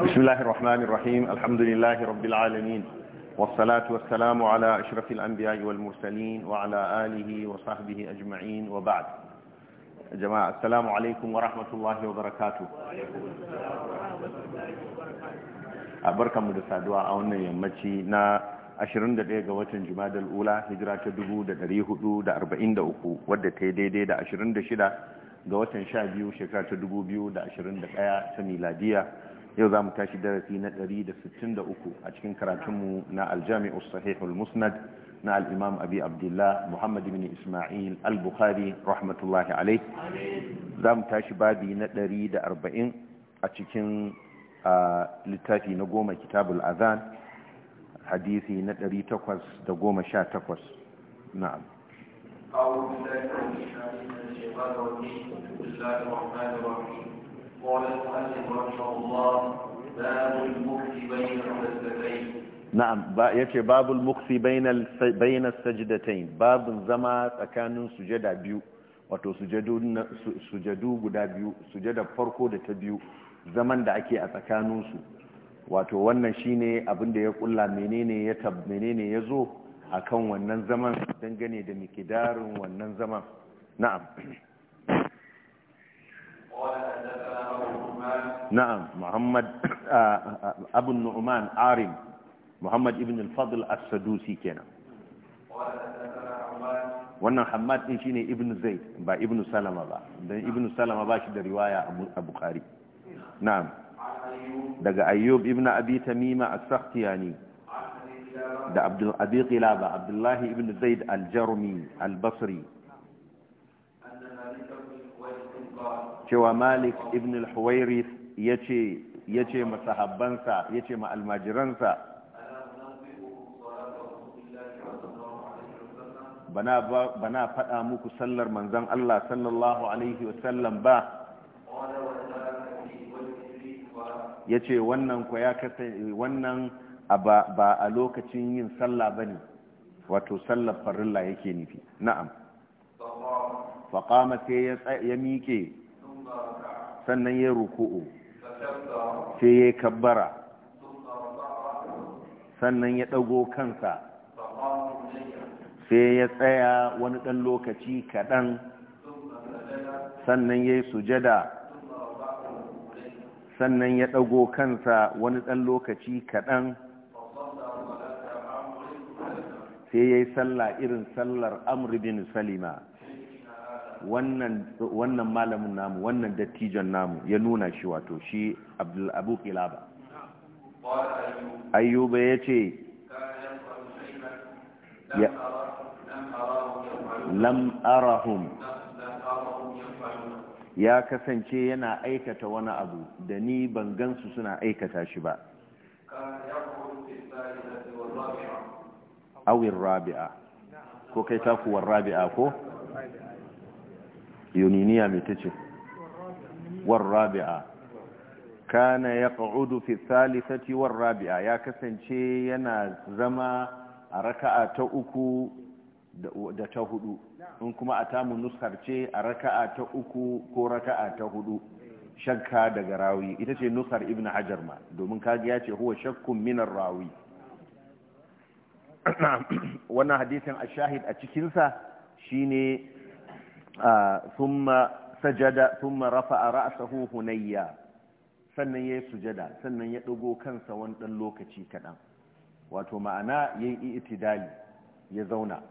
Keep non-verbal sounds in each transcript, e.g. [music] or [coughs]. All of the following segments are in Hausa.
بسم الله الرحمن الرحيم الحمد لله رب العالمين والصلاة والسلام على أشرف الأنبياء والمرسلين وعلى آله وصحبه أجمعين وبعد جماعة السلام عليكم ورحمة الله وبركاته أبرك مدسة دعاء أولا يمتي نا أشرن دقيقة جواتن جماد الأولى هجرة دبو دا دو دا أربعين دا أكو ودى تيدي دا أشرن دا شدا جواتن شابيو شكرة دبو بيو دا أشرن دا سميلا ديا yau za mu tashi darasi na 163 a cikin karatunmu na aljami'u sahihul musnad na al'imam abi abdullah muhammad bin ismail al-bukhari rahmatullahi alai za mu tashi babi na 140 a cikin littafi na goma kitabul azan hadisi na 818 na'am أعوذ بالله من الشيطان الرجيم بسم الله الرحمن الرحيم قال المؤلف رحمه الله باب المكس بين السجدتين نعم يكي باب المكس wato sujadu guda biyu sujadar farko da ta biyu zaman da ake a tsakaninsu wato wannan shine abin da ya kulla menene ya tab menene ya zo kan wannan zaman dangane da mikidarin wannan zaman na'am نعم محمد أبو النعمان عارم محمد ابن الفضل السدوسي كان wannan hamad din shine ibnu zaid ba ibnu salama ba dan ibnu salama ba shi da riwaya a bukhari na'am daga ayyub Ibn abi tamima as-sakhtiyani da abdul abi qilaba abdullahi Ibn zaid al-jarmi al-basri cewa malik ibn al-huwairis ya ce masahabbansa ya ce ma'almajiransa bana faɗa muku sallar Manzon Allah sallallahu alaihi wasallam ba ya ce wannan ku ya wannan ba a lokacin yin sallah ba ne wato sallar farilla yake nufi na'am faƙama sai ya miƙe sannan ya ruku'u sai ya kabbara sannan ya ɗago kansa sai ya tsaya wani ɗan lokaci kaɗan sannan ya yi sujada sannan ya ɗago kansa wani ɗan lokaci kaɗan sai ya yi sallah irin sallar amr bin salima wannan malamin namu wannan dattijon namu ya nuna shi wato shi abu kilaba ayyuba ya ce lam ya kasance yana aikata wani abu da ni ban gansu suna aikata shi ba awin rabi'a ko kai takuwar rabi'a ko yuniniya mai ta ce warrabi'a kana ya ƙa'udu fi thalithati warrabi'a ya kasance yana zama a raka'a ta uku da ta hudu in kuma a tamu nuskar ce a raka'a ta uku ko raka'a ta hudu shakka daga rawi ita ce nuskar ibn hajar ma domin kaga ya ce huwa shakkun minar rawi [clears throat] wannan hadisin a shahid a cikinsa shine ثم sajada ثم rafa'a ra'sahu هنيا sannan yayi sujada sannan ya dago kansa wani dan lokaci kaɗan wato ma'ana yayi itidali ya zauna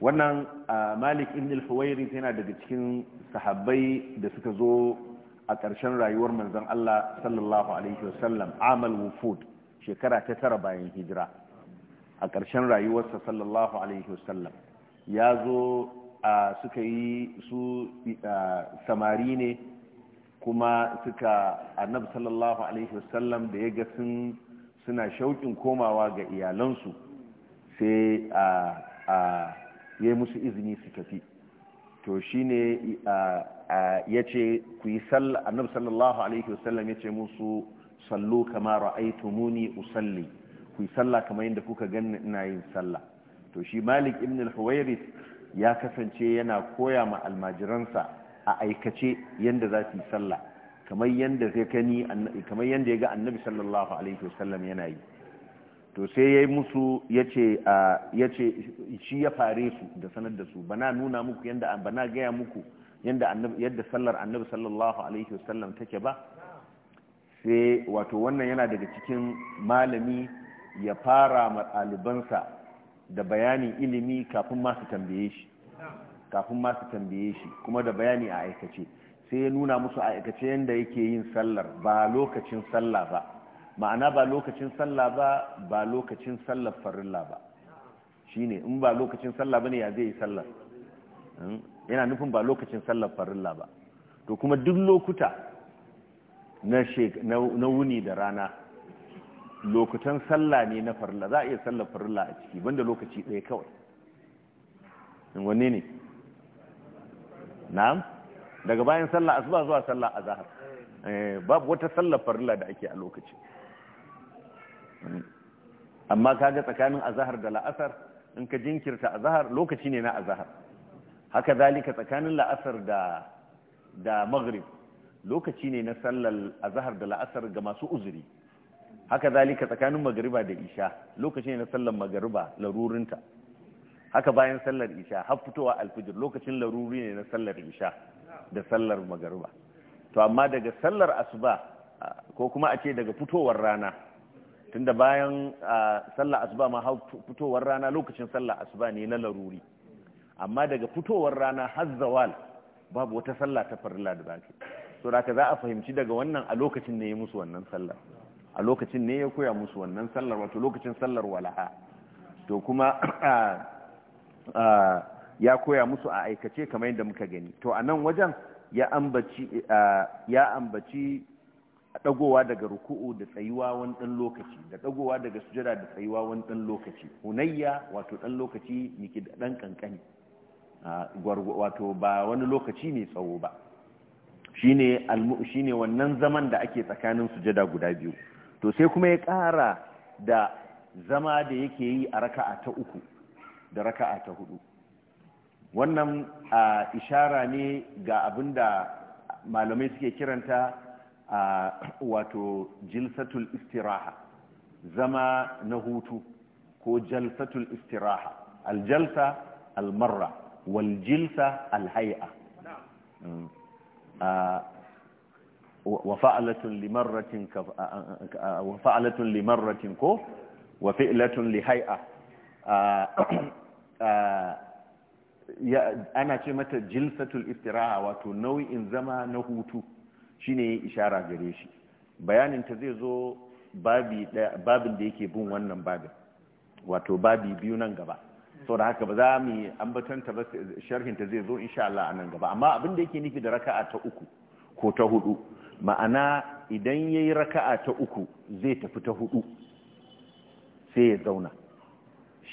wannan malik ibn al-huwairi yana daga cikin sahabbai da suka zo a ƙarshen rayuwar manzon Allah sallallahu alaihi wasallam amal wufud shekara ta tara bayan hijira a ƙarshen rayuwarsa sallallahu alaihi wasallam ya zo suka yi su samari ne kuma suka annabi sallallahu alaihi wasallam da ya ga sun suna shauƙin komawa ga iyalansu sai a ya yi musu izini su tafi to shi ne ya ce ku yi annabi sallallahu alaihi wasallam ya ce musu sallu kama ra'aitumuni usalli ku yi sallah kamar yadda kuka gani ina yin sallah to shi malik ibn al-huwairis ya kasance yana koya ma almajiransa a aikace yadda za su yi sallah kamar yadda zai kamar ya ga annabi sallallahu alaihi wasallam yana yi to sai ya yi musu ya ce shi ya fare su da sanar da su bana nuna muku yadda bana gaya muku yadda sallar annabi sallallahu alaihi wasallam take ba sai wato wannan yana daga cikin malami ya fara ma ɗalibansa da bayanin ilimi kafin ma su tambaye shi kafin masu tambaye shi kuma da bayani a aikace sai ya nuna musu a aikace yadda yake yin sallar ba lokacin sallah ba ma'ana ba lokacin sallah ba ba lokacin sallar farilla ba shine in ba lokacin sallah ne ya zai yi sallar hmm? yana nufin ba lokacin sallar farilla ba to kuma duk lokuta na wuni da rana lokutan sallah ne na farla za a iya sallar farla a ciki banda lokaci ɗaya kawai wanne ne na'am daga bayan sallah asuba zuwa sallah azhar eh, babu wata sallar farla da ake a lokaci amma kaga tsakanin azhar da la'asar in ka jinkirta azhar lokaci ne na azhar haka zalika tsakanin la'asar da da maghrib lokaci ne na sallar azhar da la'asar ga masu uzuri haka zalika tsakanin magariba da isha lokacin na sallar magariba larurinta haka bayan sallar isha har fitowa alfijir lokacin laruri ne na sallar isha da sallar magariba to amma daga sallar asuba ko kuma a ce daga fitowar rana tunda bayan sallar asuba ma har fitowar rana lokacin sallar asuba ne na laruri amma daga fitowar rana har zawal babu wata sallah ta farilla da zaki to da za a fahimci daga wannan a lokacin ne ya musu wannan sallar a lokacin ne ya koya musu wannan sallar wato lokacin sallar walaha to kuma [coughs] ya koya musu a aikace kamar yadda muka gani to a nan wajen ya ambaci dagowa daga ruku'u da tsayuwa wani dan lokaci da dagowa daga sujada da tsayuwa wani dan lokaci hunayya wato dan lokaci miki da dan kankani wato ba wani lokaci mai tsawo ba shine shine wannan zaman da ake tsakanin sujada guda biyu to sai kuma ya ƙara da zama da yake yi a raka'a ta uku da raka'a ta hudu wannan a ishara ne ga abin da malamai suke kiranta a wato jilsatul istiraha zama na hutu ko jalsatul istiraha aljalsa almarra waljilsa alhai'a wafa'alatun limarratin wafa'alatun limarratin ko wafi'latun lihai'a ana ce mata jilsatul istiraha wato nau'in zama na hutu shine ishara gare shi bayanin ta zai zo babin da yake bin wannan babin wato babi biyu nan gaba sau da haka ba za mu ambatanta ba sharhinta zai zo insha Allah a nan gaba amma abin da yake nufi da raka'a ta uku ko ta hudu ma'ana idan ya yi raka'a ta uku zai tafi ta hudu sai ya zauna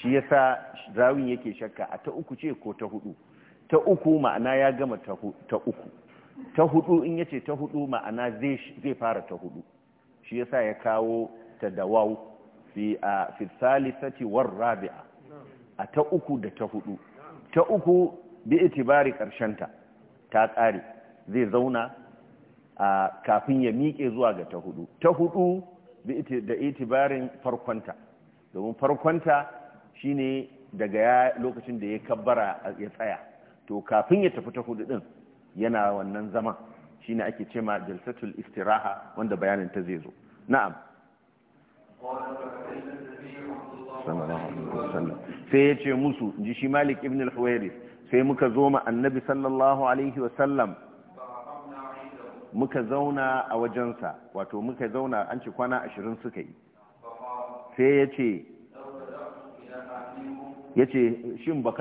shi ya sa rawin yake shakka a ta uku ce ko ta hudu ta uku ma'ana ya gama ta uku ta hudu in yace ta hudu ma'ana zai fara ta hudu shi ya sa ya kawo ta dawau fi a war rabi'a a ta uku da ta hudu ta uku bi itibari ta ta ƙare zai zauna kafin ya miƙe zuwa ga ta hudu ta hudu da itibarin farkonta domin farkonta shine daga ya lokacin da ya kabbara ya tsaya to kafin ya tafi ta hudu din yana wannan zama shine ake ce ma jalsatul istiraha wanda bayanin ta zai zo na'am sai ya ce musu ji shi malik ibn al-huwairis sai muka zo ma annabi sallallahu alaihi wasallam muka zauna a wajensa wato muka zauna an ce kwana ashirin suka yi sai ya ce ya ce shin ba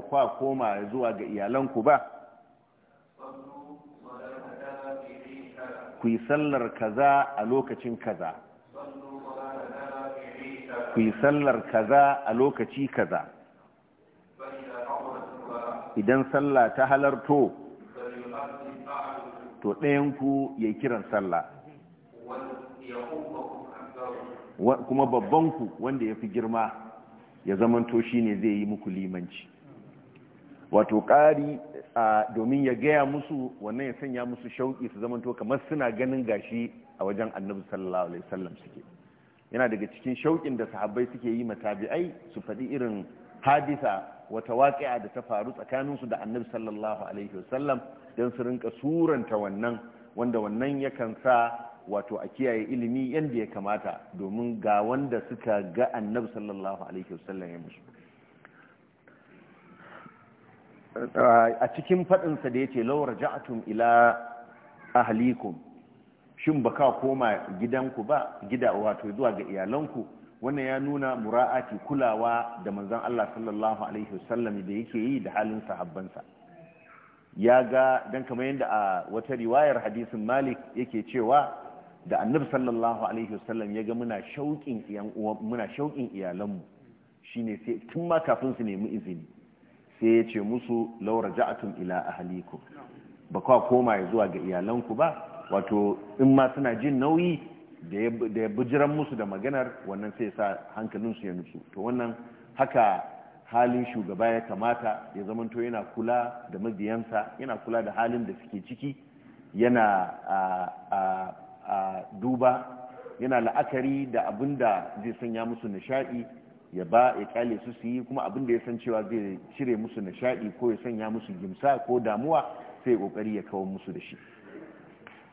kwa koma zuwa ga iyalanku ba ku yi sallar kaza a lokacin kaza ku yi sallar kaza a lokaci kaza idan sallah ta halarto to ɗayan ku ya kiran sallah kuma babban ku wanda ya fi girma ya zamanto ne zai yi muku limanci wato ƙari domin ya gaya musu wannan ya sanya musu shauƙi su zamanto kamar suna ganin gashi a wajen annabi sallallahu alaihi wasallam suke yana daga cikin shauƙin da sahabbai suke yi matabi'ai su faɗi irin hadisa wata waƙi'a da ta faru tsakaninsu da annabi sallallahu alaihi wasallam don su rinka suranta wannan wanda wannan yakan sa wato a kiyaye ilimi yadda ya kamata domin ga wanda suka ga annabi sallallahu alaihi wasallam ya musu a cikin faɗinsa da ya ce laura ila ahlikum shin baka ka koma gidanku ba gida wato zuwa ga iyalanku wannan ya nuna mura'ati kulawa da manzon Allah sallallahu alaihi wasallam da yake yi da halin sahabbansa ya ga dan kamar yadda a wata riwayar hadisin Malik yake cewa da annabi sallallahu alaihi wasallam ya ga muna shauƙin iyan muna shauƙin iyalanmu shine sai tun ma kafin su nemi izini sai ya ce musu law raja'tum ila ahlikum ba kwa koma zuwa ga iyalanku ba wato in ma suna jin nauyi da ya bujiran musu da maganar wannan sai sa hankalinsu ya nutsu to wannan haka halin shugaba ya kamata ya zamanto yana kula da mabiyansa yana kula da halin da suke ciki yana a duba yana la'akari da abin da zai sanya musu nishadi ya ba ya kyale su su yi kuma abin da ya san cewa zai cire musu nishadi ko ya sanya musu gimsa ko damuwa sai ya kokari ya kawo musu da shi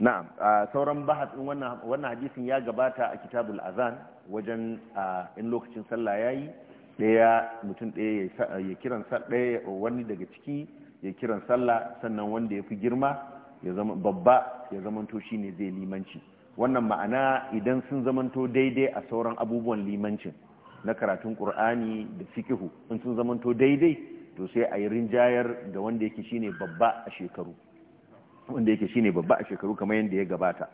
na'am sauran bahas wannan hadisin ya gabata a kitabul azan wajen a in lokacin sallah yayi daya mutum daya ya kiran daya wani daga ciki ya kiran sallah sannan wanda ya fi girma ya zama babba ya zamanto ne zai limanci wannan ma'ana idan sun zamanto daidai a sauran abubuwan limancin na karatun ƙur'ani da fikihu in sun zamanto daidai to sai a yi rinjayar ga wanda yake shine babba a shekaru wanda yake shi ne babba a shekaru kamar yadda ya gabata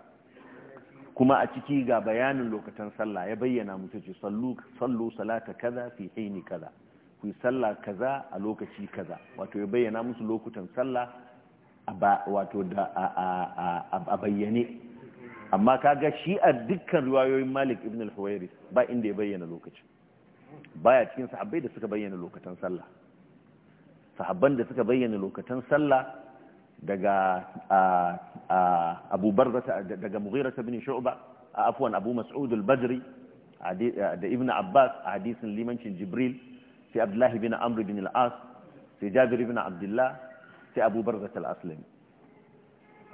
kuma a ciki ga bayanin lokacin sallah ya bayyana mutu ce sallu salata kaza fi haini kaza ku yi sallah kaza a lokaci kaza wato ya bayyana musu lokutan sallah wato da a bayyane amma kaga shi a dukkan riwayoyin malik ibn al-huwairi ba inda ya bayyana lokaci, baya cikin sahabbai da suka bayyana lokacin sallah sahabban da suka bayyana lokacin sallah daga abubar daga ta bin shu'ba afwan abu mas'ud al-badri da ibn abbas a hadisin limancin jibril sai abdullahi bin amr bin al-as sai jabir bin abdullah sai abubar zata al-aslami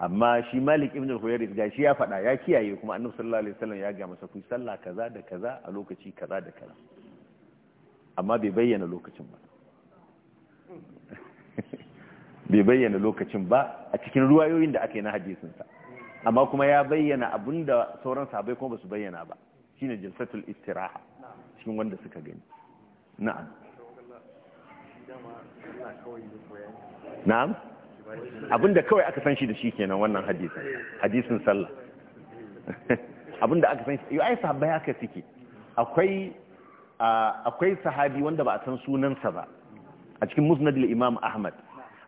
amma shi malik ibn al-huwairi ga shi ya faɗa ya kiyaye kuma annabi sallallahu alaihi wasallam ya ga masa ku sallah kaza da kaza a lokaci kaza da kaza amma bai bayyana lokacin ba [laughs] bai bayyana lokacin ba a cikin ruwayoyin da aka yi na hadisinsa amma kuma ya bayyana abin da sauran sahabbai kuma ba su bayyana ba shi ne jinsatul istiraha cikin wanda suka gani na'am na'am da kawai aka san shi da shi kenan wannan hadisin hadisin sallah [laughs] da aka san shi ai sahabbai aka suke akwai akwai sahabi wanda ba a san sunansa ba a cikin musnad al-imam ahmad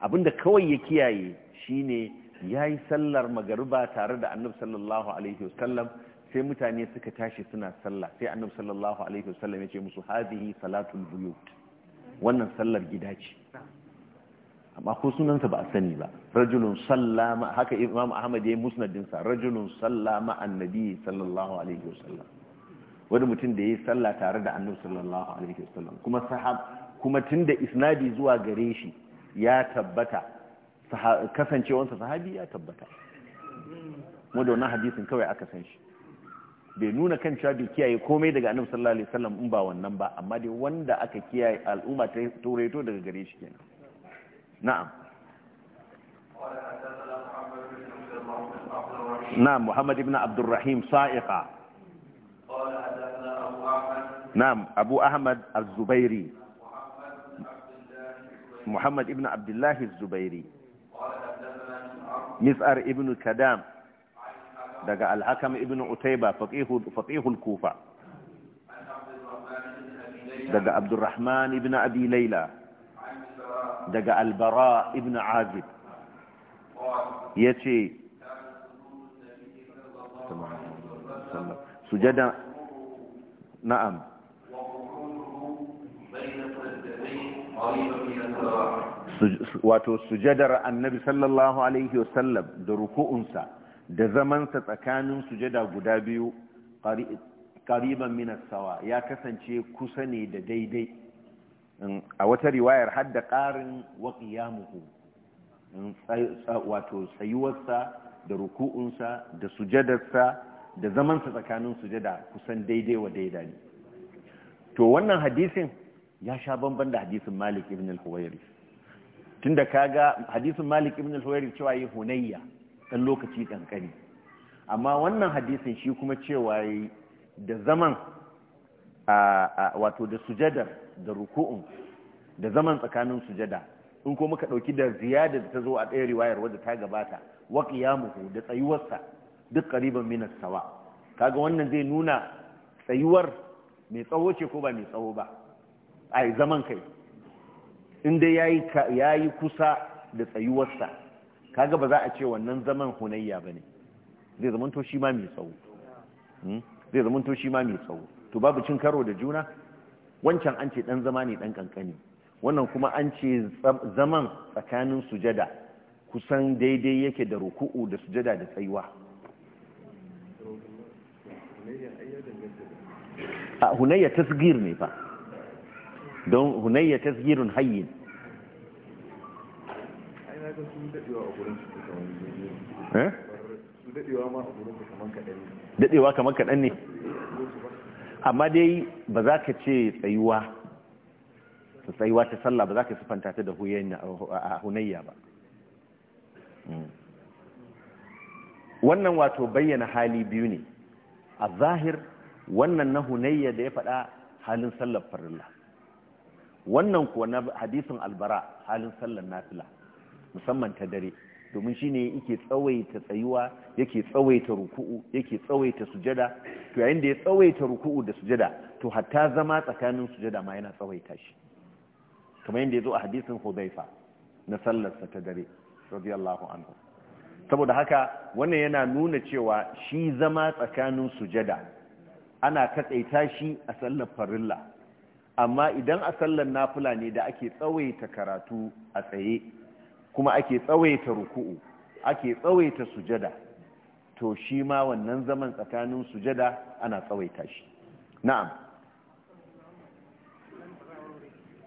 abinda kawai ya kiyaye shine yi sallar magariba tare da annabi sallallahu alaihi wasallam sai mutane suka tashi suna sallah sai annabi sallallahu alaihi wasallam ya ce musu hadhihi salatul buyut wannan sallar gida ce amma ko sunansa ba a sani ba rajulun sallama haka imam ahmad ya yi musnadinsa rajulun sallama annabi sallallahu alaihi wasallam wani mutum da ya yi sallah tare da annabi sallallahu alaihi wasallam kuma sahab kuma tunda isnadi zuwa gare shi ya tabbata kasancewansa sahabi ya tabbata mu da hadisin kawai aka san shi bai nuna kan cewa bai kiyaye komai daga annabi sallallahu alaihi wasallam in ba wannan ba amma dai wanda aka kiyaye al'umma ta tureto daga gare shi kenan na'am na'am muhammad ibn abdurrahim sa'iqa na'am abu ahmad az-zubairi محمد ابن عبد الله الزبيري مسعر ابن كدام دقى الحكم ابن عتيبة فقيه, فقيه الكوفة دقى عبد الرحمن ابن أبي ليلى دقى البراء ابن عازب يتي سجدا نعم قريبا wato sujadar annabi sallallahu alaihi wasallam da ruku'unsa da zamansa tsakanin sujada guda biyu ƙariban minasawa ya kasance kusa ne da daidai a wata riwayar hadda ƙarin muku wato tsayuwarsa da ruku'unsa da sujadarsa da zamansa tsakanin sujada kusan daidai wa daidai to wannan hadisin ya sha bamban da hadisin malik ibn al-huwairi tunda kaga hadisin Malik ibn al-Huwairi cewa yi hunayya dan lokaci kankani amma wannan hadisin shi kuma cewa yi da zaman wato da sujada da ruku'un da zaman tsakanin sujada in ko muka dauki da ziyada da ta zo a ɗaya riwayar wadda ta gabata wa qiyamuhu da tsayuwarsa duk qariban min as-sawa kaga wannan zai nuna tsayuwar mai tsawo ce ko ba mai tsawo ba ai zaman kai Inda ya yi kusa da tsayuwarsa kaga ba za a ce wannan zaman hunayya ba ne zai zamanto shi ma mai tsawo hmm? zai zamanto shi ma mai tsawo to babu cin karo da juna wancan an ce dan zama ne dan kankani wannan kuma an ce zaman tsakanin sujada kusan daidai yake da ruku'u da sujada da tsayuwa hunayya tasgir ne fa don hunayya zirin hayin. Eh? daɗewa kamar kaɗan ne amma dai ba za ka ce tsayuwa ta tsayuwa ta sallah ba za ka sifanta ta da hunayya ba hmm. wannan wato bayyana hali biyu ne a zahir wannan na hunayya da ya faɗa halin sallar farilla wannan kuwa na hadisin albara halin sallar nafila musamman ta dare domin shi ne yake tsawaita tsayuwa yake tsawaita ruku'u yake tsawaita sujada to yayin da ya tsawaita ruku'u da sujada to hatta zama tsakanin sujada ma yana tsawaita shi kamar yadda ya zo a hadisin hudaifa na sallarsa ta dare radiyallahu anhu saboda haka wannan yana nuna cewa shi zama tsakanin sujada ana katsaita shi a sallar farilla amma idan a sallar nafila ne da ake tsawaita karatu a tsaye kuma ake tsawaita ruku'u ake tsawaita sujada to shi ma wannan zaman tsakanin sujada ana tsawaita shi na'am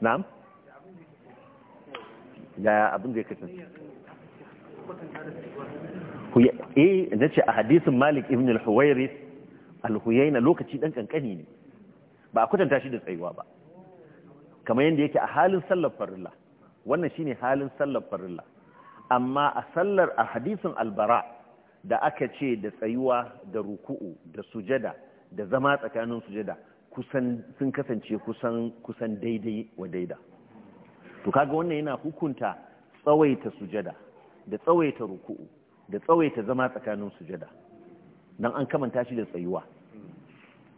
na'am yaya abin da ya kasance eh na ce a hadisin malik ibn al-huwairis al-huyaina lokaci dan kankani ne ba a kwatanta shi da tsayuwa ba kamar yadda yake a halin sallar farilla wannan shine halin sallar farilla amma a sallar a hadisin albara da aka ce da tsayuwa da ruku'u da sujada da zama tsakanin sujada kusan sun kasance kusan kusan daidai wa daida to kaga wannan yana hukunta tsawaita sujada da tsawaita ruku'u da tsawaita zama tsakanin sujada dan an kamanta shi da tsayuwa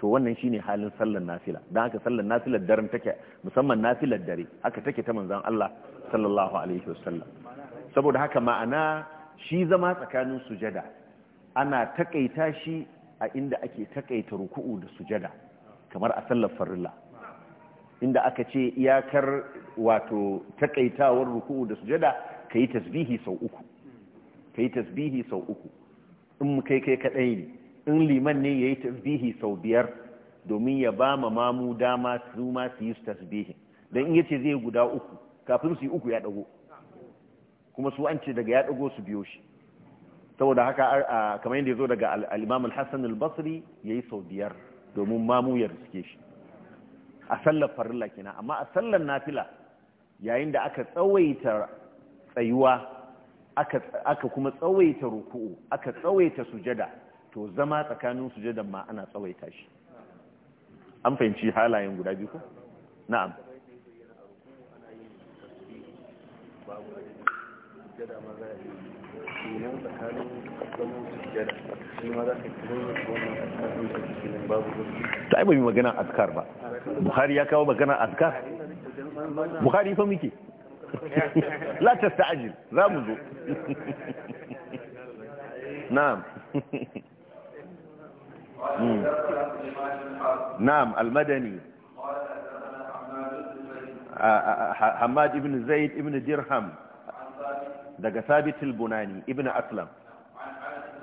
to wannan shine halin sallar nafila don haka sallar nafilar daren take musamman nafilar dare haka take ta manzon Allah sallallahu alaihi wasallam saboda haka ma'ana shi zama tsakanin sujada ana takaita shi a inda ake takaita ruku'u da sujada kamar a sallar farilla inda aka ce iyakar wato takaitawar ruku'u da sujada kayi tasbihi sau uku kayi tasbihi sau uku in mu kai kai kadai ne in liman ne ya yi tasbihi sau biyar domin ya ba ma mamu dama su ma su yi tasbihi don in yace zai guda uku kafin su yi uku ya dago kuma su an ce daga ya dago su biyo shi saboda haka kamar yadda ya zo daga al-imam al-hassan al-basri ya yi sau biyar domin mamu ya riske shi a sallar farilla kina amma a sallar nafila yayin da aka tsawaita tsayuwa aka kuma tsawaita ruku'u aka tsawaita sujada to zama tsakanin sujadan ma ana tsawaita shi an fahimci halayen guda biyu ko na'am ta aiba yi magana askar ba buhari ya kawo magana azkar buhari fa muke [laughs] la tasta'jil za mu zo [laughs] na'am [laughs] نعم المدني حماد ابن زيد ابن درهم دقى ثابت البناني ابن أسلم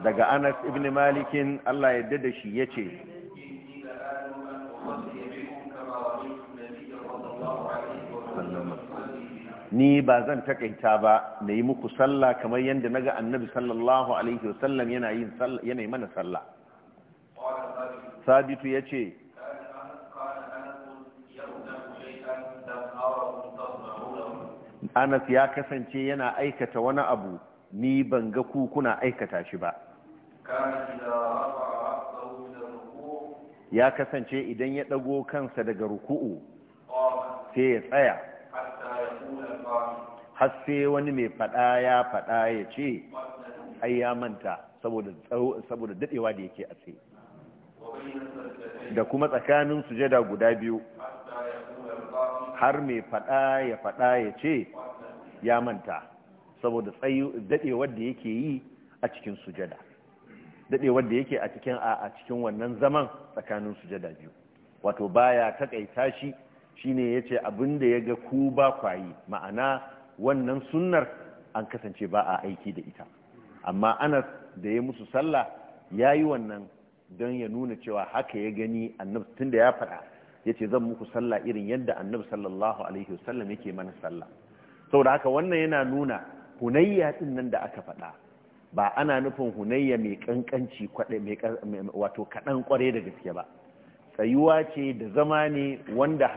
دقى أنس ابن مالك الله يددش يتي ni ba zan takaita ba na yi muku sallah kamar yadda naga annabi sallallahu alaihi wasallam yana yin sallah yana mana sallah sabitu ya ce anas ya kasance yana aikata wani abu ni ban ga ku kuna aikata shi ba ya kasance idan ya ɗago kansa daga ruku'u sai ya tsaya har sai wani mai faɗa ya faɗa ya ce ai ya manta saboda daɗewa da yake a tsaye da kuma tsakanin sujada guda biyu har mai faɗa ya faɗa ya ce ya manta saboda dadewar da yake yi a cikin sujada daɗewar da yake a cikin a cikin wannan zaman tsakanin sujada biyu wato baya takaita shi shine yace abin da ga ku ba kwayi ma'ana wannan sunnar an kasance ba a aiki da ita amma Anas da ya musu sallah ya yi wannan don ya nuna cewa haka ya gani annabi tunda ya faɗa Ya ce zan muku sallah irin yadda annabi sallallahu alaihi wasallam yake mana sallah saboda haka wannan yana nuna hunayya din nan da aka faɗa ba ana nufin hunayya mai kankanci wato kaɗan kwarai da gaske ba tsayuwa ce da zama ne wanda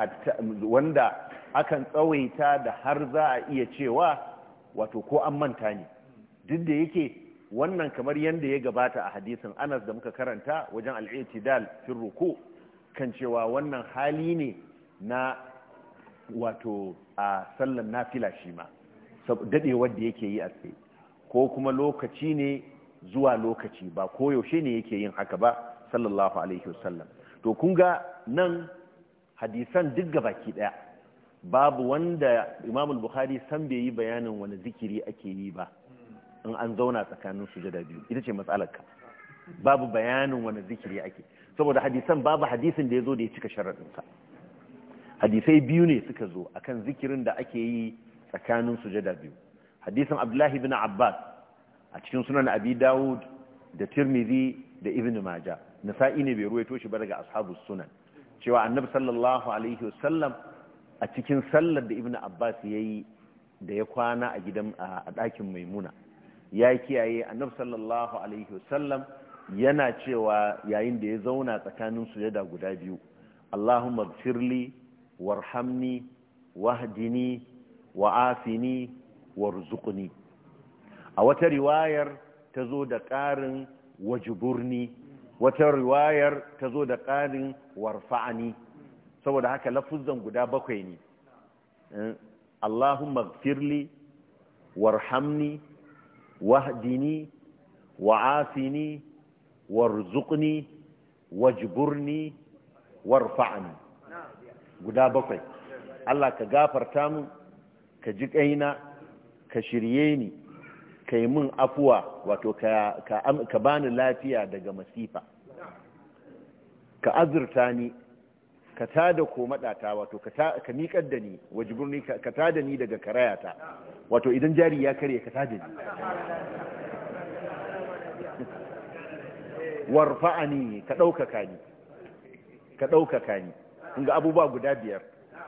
wanda akan tsawaita da har za a iya cewa wato ko an manta ne duk da yake wannan kamar yadda ya gabata a hadisin anas da muka karanta wajen al'itidal fi ruku kan cewa wannan hali ne na wato a sallan nafila shi ma dadewar da yake yi a tsaye ko kuma lokaci ne zuwa lokaci ba ko yaushe ne yake yin haka ba sallallahu alaihi wasallam to kun ga nan hadisan duk gabaki daya babu wanda imamul bukhari san bai yi bayanin wani zikiri ake yi ba in an zauna tsakanin sujada biyu ita ce matsalarka babu bayanin wani zikiri ake saboda hadisan babu hadisin da ya zo da ya cika sharaɗinsa hadisai biyu ne suka zo akan zikirin da ake yi tsakanin sujada biyu Hadisan abdullahi bin abbas a cikin sunan abi dawud da tirmidhi da ibn majah nasa'i ne bai ruwaito shi ba daga ashabu sunan cewa annabi sallallahu alaihi wasallam a cikin sallar da ibn abbas yayi da ya kwana a gidan a ɗakin maimuna ya kiyaye annabi sallallahu alaihi wasallam yana cewa yayin da ya zauna tsakanin su sujada guda biyu Allahumma gfirli warhamni wahdini Wa wa'afini warzuqni a wata riwayar ta zo da ƙarin wajiburni wata riwayar ta zo da ƙarin warfa'ani saboda haka lafuzan guda bakwai ne eh, Allahumma gfirli warhamni wahdini wa'afini warzuqni wajburni warfa'ni guda bakwai Allah ka gafarta mun ka ji kaina ka shirye ni ka yi mun afuwa wato ka bani lafiya daga masifa ka azurta ni ka tada ko madata wato ka miƙar da ni wajibirni ka tada ni daga karayata wato idan jari ya kare ka tada ni warfa'ani ka ɗaukaka ni ka ɗaukaka ni ga abubuwa guda biyar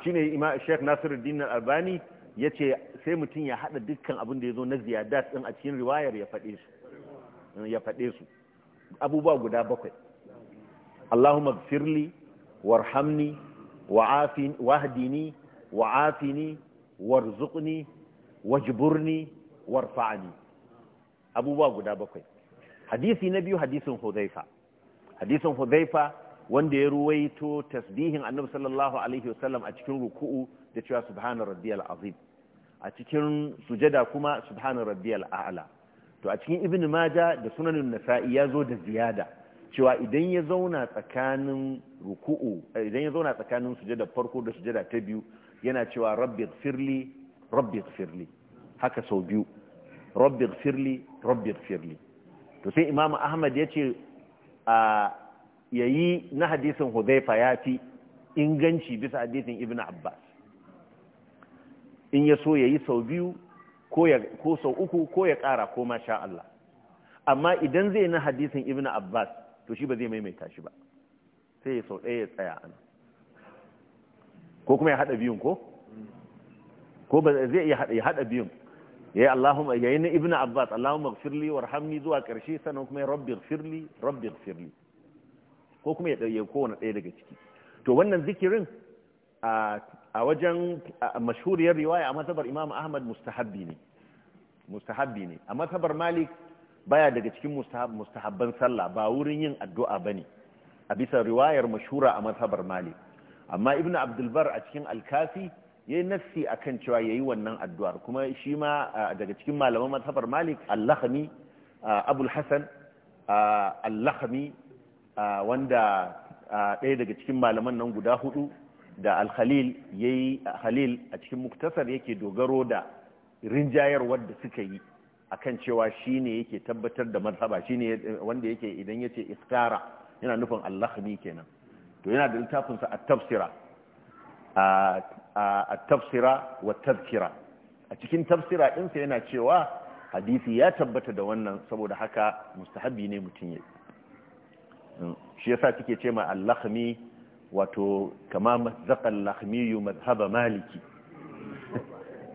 Shi ne ima Nasiru dinar Albani ya ce sai mutum ya haɗa dukkan abin da ya zo na ziyadat ɗin a cikin riwayar ya faɗe su abubuwa guda bakwai Allahumma gfirli warhamni wahdini wa'afini warzuqni wajburni warfa'ni abubuwa guda bakwai hadisi na biyu hadisin hudhaifa hadisin hudhaifa wanda ya ruwaito tasbihin annabi sallallahu alaihi wasallam a cikin ruku'u da cewa subhana rabbiyal azim a cikin sujada kuma subhana rabbiyal a'la to a cikin ibn maja da sunanin nasa'i ya zo da ziyada cewa idan ya zauna tsakanin ruku'u idan ya zauna tsakanin sujada farko da sujada ta biyu yana cewa rabbi firli rabbi firli haka sau biyu rabbi firli rabbi firli to sai imamu ahmad ya ce a yayi na hadisin hudhaifa ya fi inganci bisa hadisin ibn abbas in ya so yayi sau biyu ko sau uku ko ya kara ko masha Allah amma idan zai na hadisin ibn abbas to shi ba zai maimaita shi ba sai ya sau ɗaya ya tsaya ana ko kuma ya haɗa biyun ko ko ba zai iya haɗa ya haɗa biyun yayi Allahumma yayi na Ibn Abbas Allahumma ighfirli warhamni zuwa ƙarshe sannan kuma ya rabbi firli rabbi firli ko kuma ya ko kowane ɗaya daga ciki to wannan zikirin a wajen mashhuriyar riwaya a mazhabar Imam Ahmad mustahabbi ne mustahabbi ne a mazhabar Malik baya daga cikin mustahabban sallah ba wurin yin addu'a bane a bisa riwayar mashura a mazhabar malik amma ibnu abdulbar a cikin alkafi ya yi nassi a kan cewa yayi wannan addu'a kuma shi ma daga cikin malaman mazhabar malik allahami abul al-lakhmi wanda ɗaya daga cikin malaman nan guda hudu da alkhalil khalil yi khalil a cikin muktasar yake dogaro da rinjayar wadda suka yi akan cewa shine yake tabbatar da mazhaba shine wanda yake idan yace iftara yana nufin allah kenan to yana da littafin sa at-tafsira at-tafsira wa tadhkira a cikin tafsira din sa yana cewa hadisi ya tabbata da wannan saboda haka mustahabi ne mutun yayi mm, shi yasa kike ce ma al-lakhmi wato kama mazzaqa al-lakhmi mazhaba maliki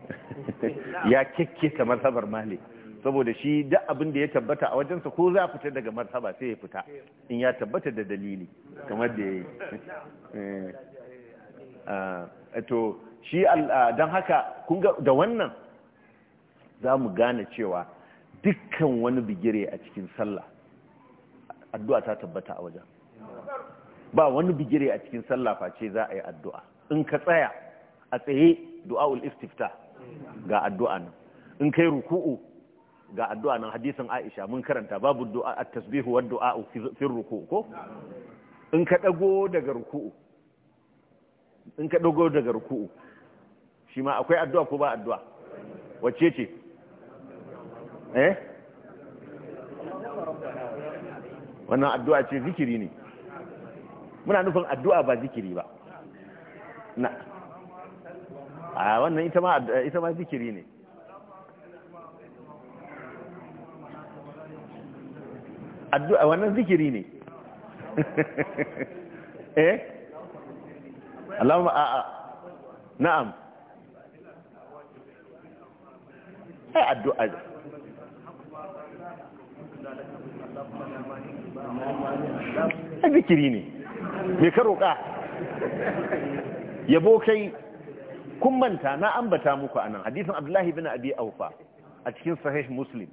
[laughs] ya kekketa mazhabar malik saboda shi duk abin da ya tabbata a wajensa ko za a fita daga martaba sai ya fita in ya tabbata da dalili kamar da ya yi eh, eh, to shi ah, don haka da wannan za mu gane cewa dukkan wani bigire a cikin sallah addu'a ta tabbata a wajen ba wani bigire a cikin sallah face za a yi addu'a in ka tsaya a tsaye du'a'ul istifta ga addu'a nan in kai ruku'u ga addu'a nan hadisin Aisha mun karanta babu du'a at-tasbihu wa du'a fi ruku ko in ka dago daga ruku'u in ka dago daga ruku'u shi ma akwai addu'a ko ba addu'a wacce ce eh wannan addu'a ce zikiri ne muna nufin addu'a ba zikiri ba na a wannan ita ma zikiri ne addu'a wannan zikiri ne [laughs] eh Allahumma a'a na'am ai eh, addu'a eh, zikiri ne me ka roƙa yabo kai kun manta na ambata muku anan hadisin Abdullahi bin Abi Aufa a cikin sahih Muslim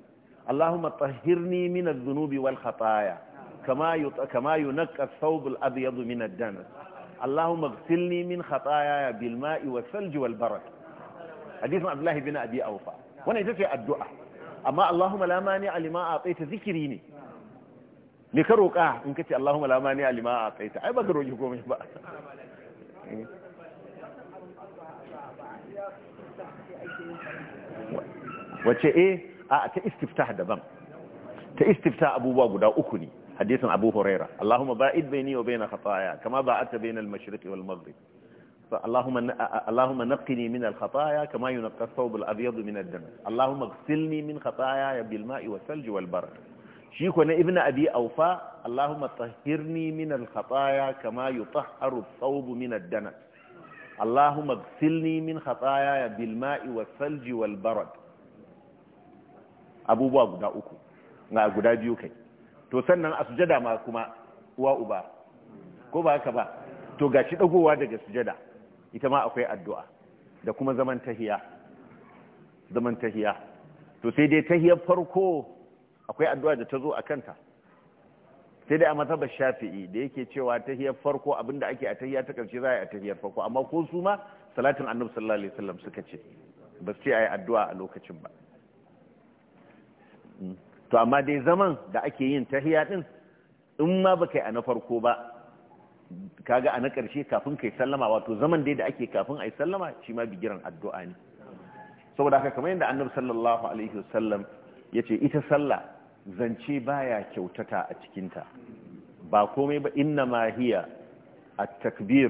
اللهم طهرني من الذنوب والخطايا كما كما ينقى الثوب الابيض من الدنس اللهم اغسلني من خطاياي بالماء والثلج والبرد حديث عبد الله بن ابي اوفى وانا في الدعاء اما اللهم لا مانع لما اعطيت ذكريني ني اه ka roƙa in ka ce Allahumma la mani alima a kai بقى ai إيه. a ta istiftah daban ta istiftah abubuwa guda uku ne hadisin abu huraira allahumma ba'id baini wa baina khataaya kama ba'adta baina al-mashriq wal maghrib fa allahumma allahumma naqqini min al-khataaya kama yunqqa ath-thawb al-abyad min ad-dam allahumma ighsilni min khataaya bil ma'i wa thalj wal barad shi ko na ibnu abi awfa allahumma tahhirni min al-khataaya kama yutahharu ath-thawb min ad-dam allahumma ighsilni min khataaya bil ma'i wa thalj wal barad abubuwa guda uku ga guda biyu kai to sannan a sujada ma kuma uwa uba ko ba haka ba to gashi dagowa daga sujada ita ma akwai addu'a da kuma zaman tahiya zaman tahiya to sai dai tahiyar farko akwai addu'a da ta zo a kanta sai dai a mazhabar shafi'i da yake cewa tahiyar farko abinda ake a tahiya ta karshe za a yi a tahiyar farko amma ko su ma salatin annabi sallallahu alaihi wasallam suka ce ba su ce a yi addu'a a lokacin ba to amma dai zaman da ake yin tahiya din in ma ba kai a na farko ba kaga a na ƙarshe kafin kai sallama wato zaman dai da ake kafin a yi sallama shi ma bigiran addu'a ne saboda haka kamar yadda annabi sallallahu alaihi wasallam ya ce ita sallah zance baya kyautata a cikinta ba komai ba inna ma hiya at-takbir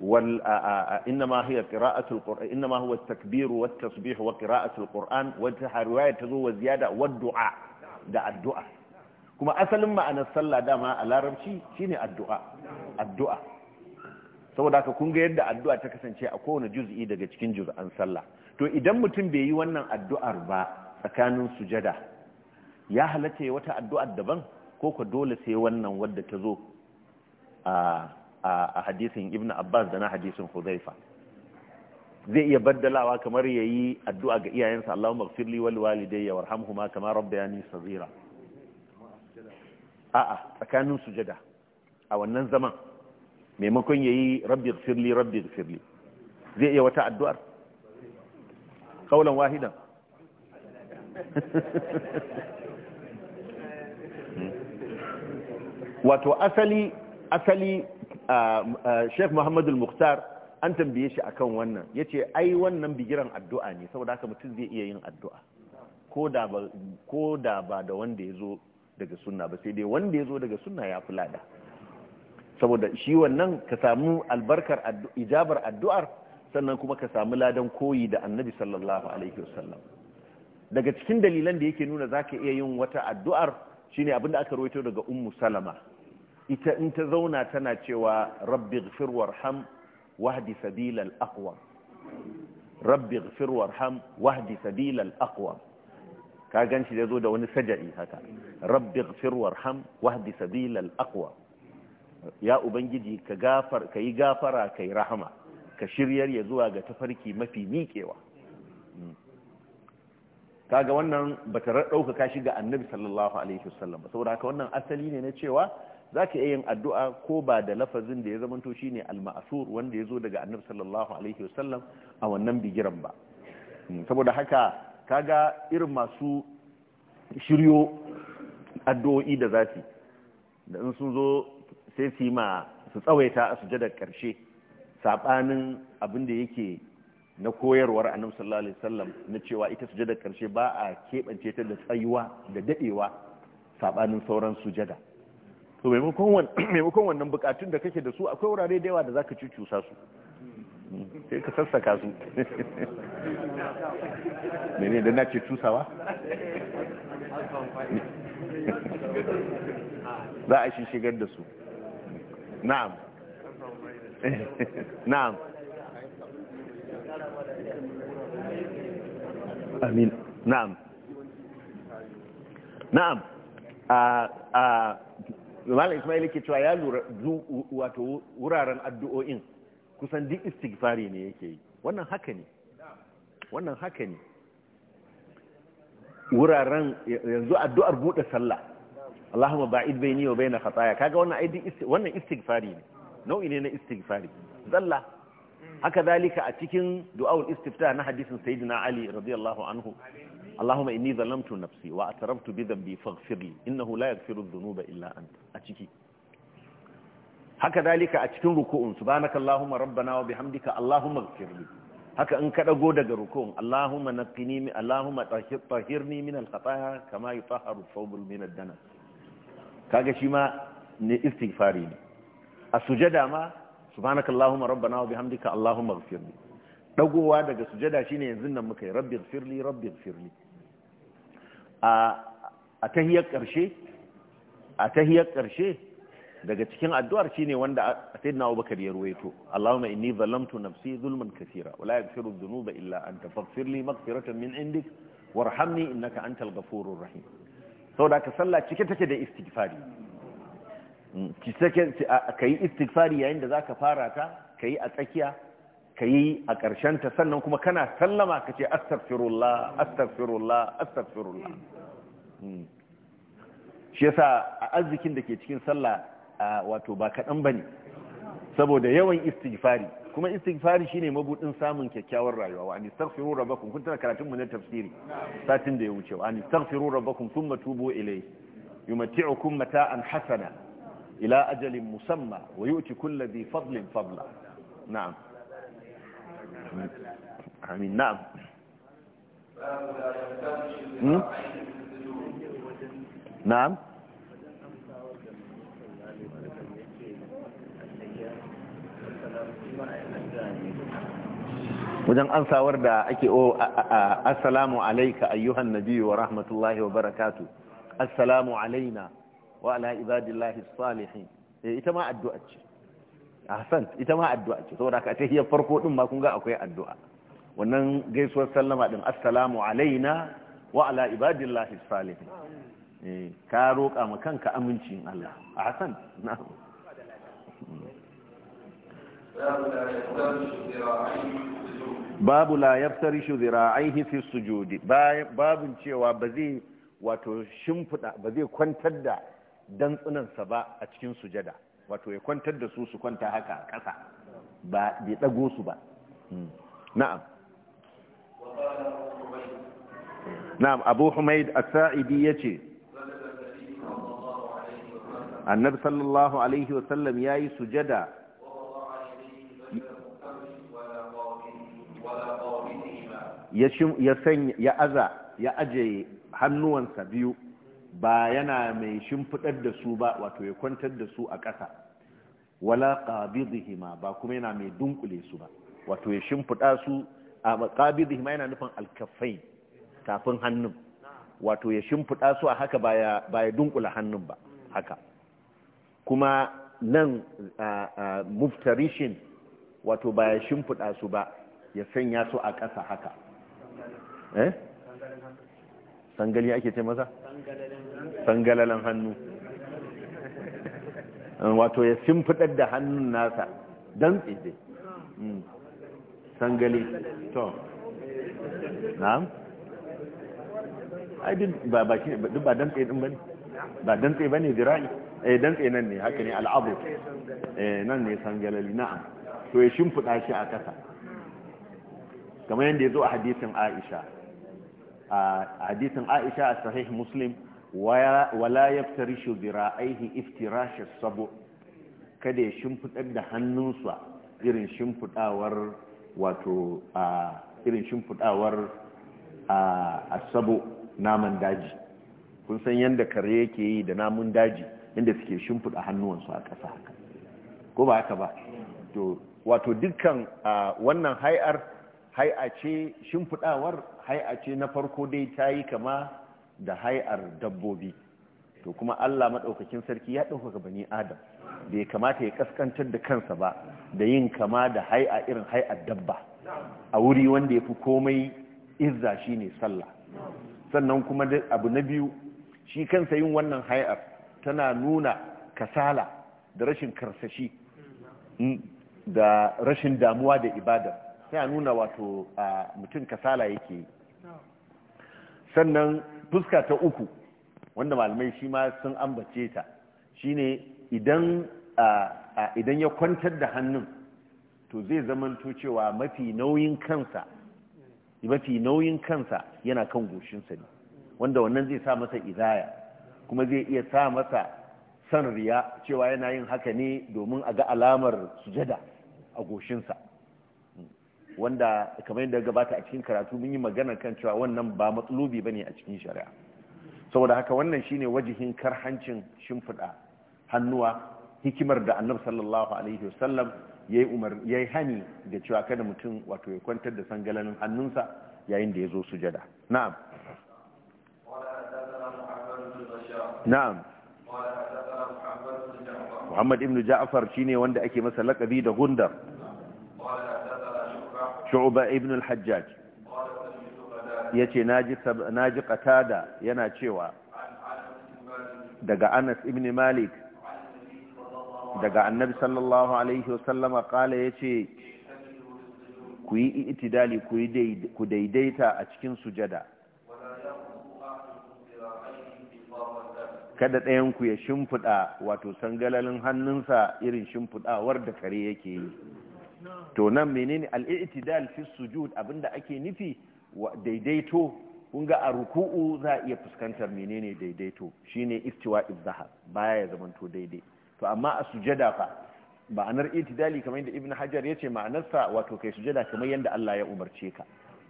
وإنما هي قراءة القرآن إنما هو التكبير والتصبيح وقراءة القرآن رواية تزو وزيادة والدعاء دع الدعاء كما أسلم ما أنا صلى داما على رمشي شيني الدعاء الدعاء سو داك غير يد الدعاء تكسن شيء أكون جزء إيدا تكين جزء أن صلى تو إدم متن بي وانا الدعاء ربا سكان سجدة يا هلتي وتا الدعاء دبن كوكو دولة سيوانا وانا ودى تزو آه a hadisin ibn abbas da na hadisin huzaifa zai iya baddalawa kamar ya yi addu'a ga iyayensa allahumma magfirli wal walidayya warhamhuma kama rabbayani saghira a'a tsakanin sujada a wannan zaman maimakon ya yi rabbi ighfirli rabbi ighfirli zai iya wata addu'ar kaulan wahidan [laughs] hmm. wato asali asali Sheikh Muhammadu Mukhtar an tambaye shi akan wannan yace ai wannan bigiran addu'a ne saboda haka mutum zai iya yin addu'a ko da ba ko da ba da wanda ya zo daga sunna ba sai dai wanda ya zo daga sunna ya fi lada saboda shi wannan ka samu albarkar ijabar addu'ar sannan kuma ka samu ladan koyi da annabi sallallahu alaihi wasallam daga cikin dalilan da yake nuna zaka iya yin wata addu'ar shine abinda aka rawaito daga ummu salama ita in ta zauna tana cewa rabbi ghfir warham wahdi sabila al-aqwa rabbi ghfir warham wahdi sabila al-aqwa ka ganci da zo da wani sajadi haka rabbi ghfir warham wahdi sabila al-aqwa ya ubangiji ka gafar kai gafara kai rahama ka shiryar ya zuwa ga tafarki mafi miƙewa hmm. kaga wannan bata raɗauka ka shiga annabi sallallahu alaihi wasallam saboda haka wannan asali ne na cewa za ka iya yin addu'a ko ba da lafazin da ya zamanto shi ne alma'asur wanda ya zo daga annab sallallahu alaihi wasallam a wannan bigiran ba hmm, saboda haka ka ga irin masu shiryo addu'o'i da za su da in sun zo sai su yi ma su tsawaita a sujadar ƙarshe saɓanin abin da yake na koyarwar annab sallallahu alaihi wasallam na cewa ita sujadar ƙarshe ba a keɓance ta da tsayuwa da daɗewa saɓanin sauran sujada To [clears throat] maimakon wannan bukatun da kake da su akwai wurare da yawa da zaka cucusa su sai ka sassaka su [laughs] ne da na ce cusawa [laughs] za a shi shigar da su na'am [laughs] na'am amin na'am na'am a ah, ah, malam ismail yake cewa ya lura zu wato wuraren addu'o'in kusan duk istighfari ne yake yi wannan haka ne wannan haka ne wuraren yanzu addu'ar bude sallah Allahumma ba'id baini wa baina khataaya kaga wannan ai wannan istighfari ne nau'i ne na istighfari zalla haka zalika a cikin du'aul istiftah na hadisin sayyidina Ali radiyallahu anhu Allahumma inni zalamtu nafsi wa atarabtu bi dhanbi faghfir li innahu la yaghfiru dhunuba illa anta a ciki haka dalika a cikin ruku'un subhanaka allahumma rabbana wa bihamdika allahumma ighfir li haka in ka dago daga ruku'un allahumma naqqini min allahumma tahhirni min al-khataaya kama yutahharu thawbul min ad-danas kaga shi ma ne ne a sujada ma wa daga sujada shine yanzu nan muka yi rabbi ighfir rabbi a tahiyar ƙarshe a tahiyar ƙarshe daga cikin addu'ar shine wanda sayyidina Abubakar ya ruwaito Allahumma inni zalamtu nafsi zulman kaseera wa la yaghfiru dhunuba illa anta faghfir li maghfiratan min indik warhamni innaka antal ghafurur rahim saboda ka sallah cike take da istighfari mm, ki take kai istighfari yayin da zaka fara ta kai a tsakiya kai a ƙarshen ta sannan kuma kana sallama kace astaghfirullah astaghfirullah astaghfirullah Hmm. shi yasa a arzikin da ke cikin sallah wato ba kaɗan ba ne saboda yawan istighfari kuma istighfari ne mabudin samun kyakkyawar rayuwa wa anistaghfiru rabakun kun tana karatun mu na tafsiri satin da ya wuce wa anistaghfiru rabbakum thumma tubu ilayhi yumati'ukum mata'an hasana ila ajalin musamma wa yu'ti kulli bi fadlin fadla na'am amin na'am hmm? na'am wajen ansawar da ake o oh, assalamu alaika ayyuhan nabiyyu wa rahmatullahi wa barakatu assalamu alaina wa ala ibadillahi salihin eh, ita ma addu'a ce ahsan ita ma addu'a ce saboda ka ce hiyar farko din ma kun ga akwai addu'a wannan gaisuwar sallama din assalamu alaina wa ala ibadillahi salihin Eh, ka roƙa ma kanka amincin Allah a hasan na babu la yaftari shi zira'aihi fi sujudi babun cewa ba zai wato shimfiɗa ba zai kwantar da dantsunansa ba a cikin sujada wato ya kwantar da su su kwanta haka a ƙasa ba bai ɗago su ba hmm. na'am na'am abu humaid as-sa'idi yace annabi sallallahu alaihi wasallam ya yi sujada ya aza ya aje hannuwansa biyu ba yana mai shimfidar da su ba wato ya kwantar da su a ƙasa wala qabidihima ba kuma yana mai dunkule su ba wato ya shimfida su a qabidihima yana nufin alkafai tafin hannun wato ya shimfida su a haka ba ya dunkula hannun ba haka kuma nan muftarishin wato ba ya shimfiɗa su ba ya sanya su a ƙasa haka eh sangali ake ce masa sangalalan hannu [laughs] wato ya shimfiɗar da hannun nasa don tsede hmm. sangali to na'am ba duk ba don din ba ne ba don tsaye ba ne zira'i eh dantse nan ne haka ne eh, al'abu eh nan ne sangalali na'am to ya shimfiɗa shi a ƙasa kamar yadda ya zo a hadisin aisha a hadisin aisha a sahih muslim wala yaftarishu dira'aihi iftirash as-sabu kada ya shimfidar da hannunsa irin shimfidawar wato a irin shimfidawar a asabo naman daji kun san yanda kare yake yi da namun daji inda suke shimfuda hannuwansu a ƙasa haka ko ba haka ba to wato dukkan wannan hai'ar hai'a ce shimfudawar hai'a ce na farko dai ta yi kama da hai'ar dabbobi to kuma Allah maɗaukakin sarki ya ɗaukaka bani adam bai kamata ya kaskantar da kansa ba da yin kama da hai'a irin hai'ar dabba a wuri wanda ya fi komai izza shine sallah sannan kuma abu na biyu shi kansa yin wannan hai'ar tana nuna kasala da rashin karsashi mm, da rashin damuwa da ibada tana nuna wato mutum kasala yake yi sannan fuska ta uku wanda malamai shi ma sun ambace ta shine idan idan ya kwantar da hannun to zai zamanto cewa mafi nauyin kansa mafi nauyin kansa yana kan goshinsa ne wanda wannan zai sa masa izaya kuma zai iya sa masa san riya cewa yana yin haka ne domin a ga alamar sujada a goshinsa wanda kamar yadda gabata a cikin karatu mun yi magana kan cewa wannan ba matsalobi ne a cikin shari'a saboda haka wannan shine wajihin karhancin shimfiɗa hannuwa hikimar da annabi sallallahu alaihi wasallam yi umar yi hani da cewa kada mutum wato ya kwantar da sangalanin hannunsa yayin da ya zo sujada na'am na'am Muhammad ibn Ja'far shine wanda ake masa lakabi da Gundar Shu'ba ibn al-Hajjaj yace naji naji qatada yana cewa daga Anas ibn Malik daga Annabi sallallahu alaihi wasallama kala yace ku yi itidali ku daidaita a cikin sujada kada ɗayanku ya shimfiɗa wato sangalalin hannunsa irin shimfiɗawar da kare yake yi to nan menene al'itidal fi sujud abinda ake nufi daidaito kun ga a ruku'u za a iya fuskantar menene daidaito shine istiwa izahar baya ya zama daidai to amma a sujada fa ma'anar itidali kamar yadda ibn hajar ya ce ma'anarsa wato kai sujada kamar yadda Allah ya umarce ka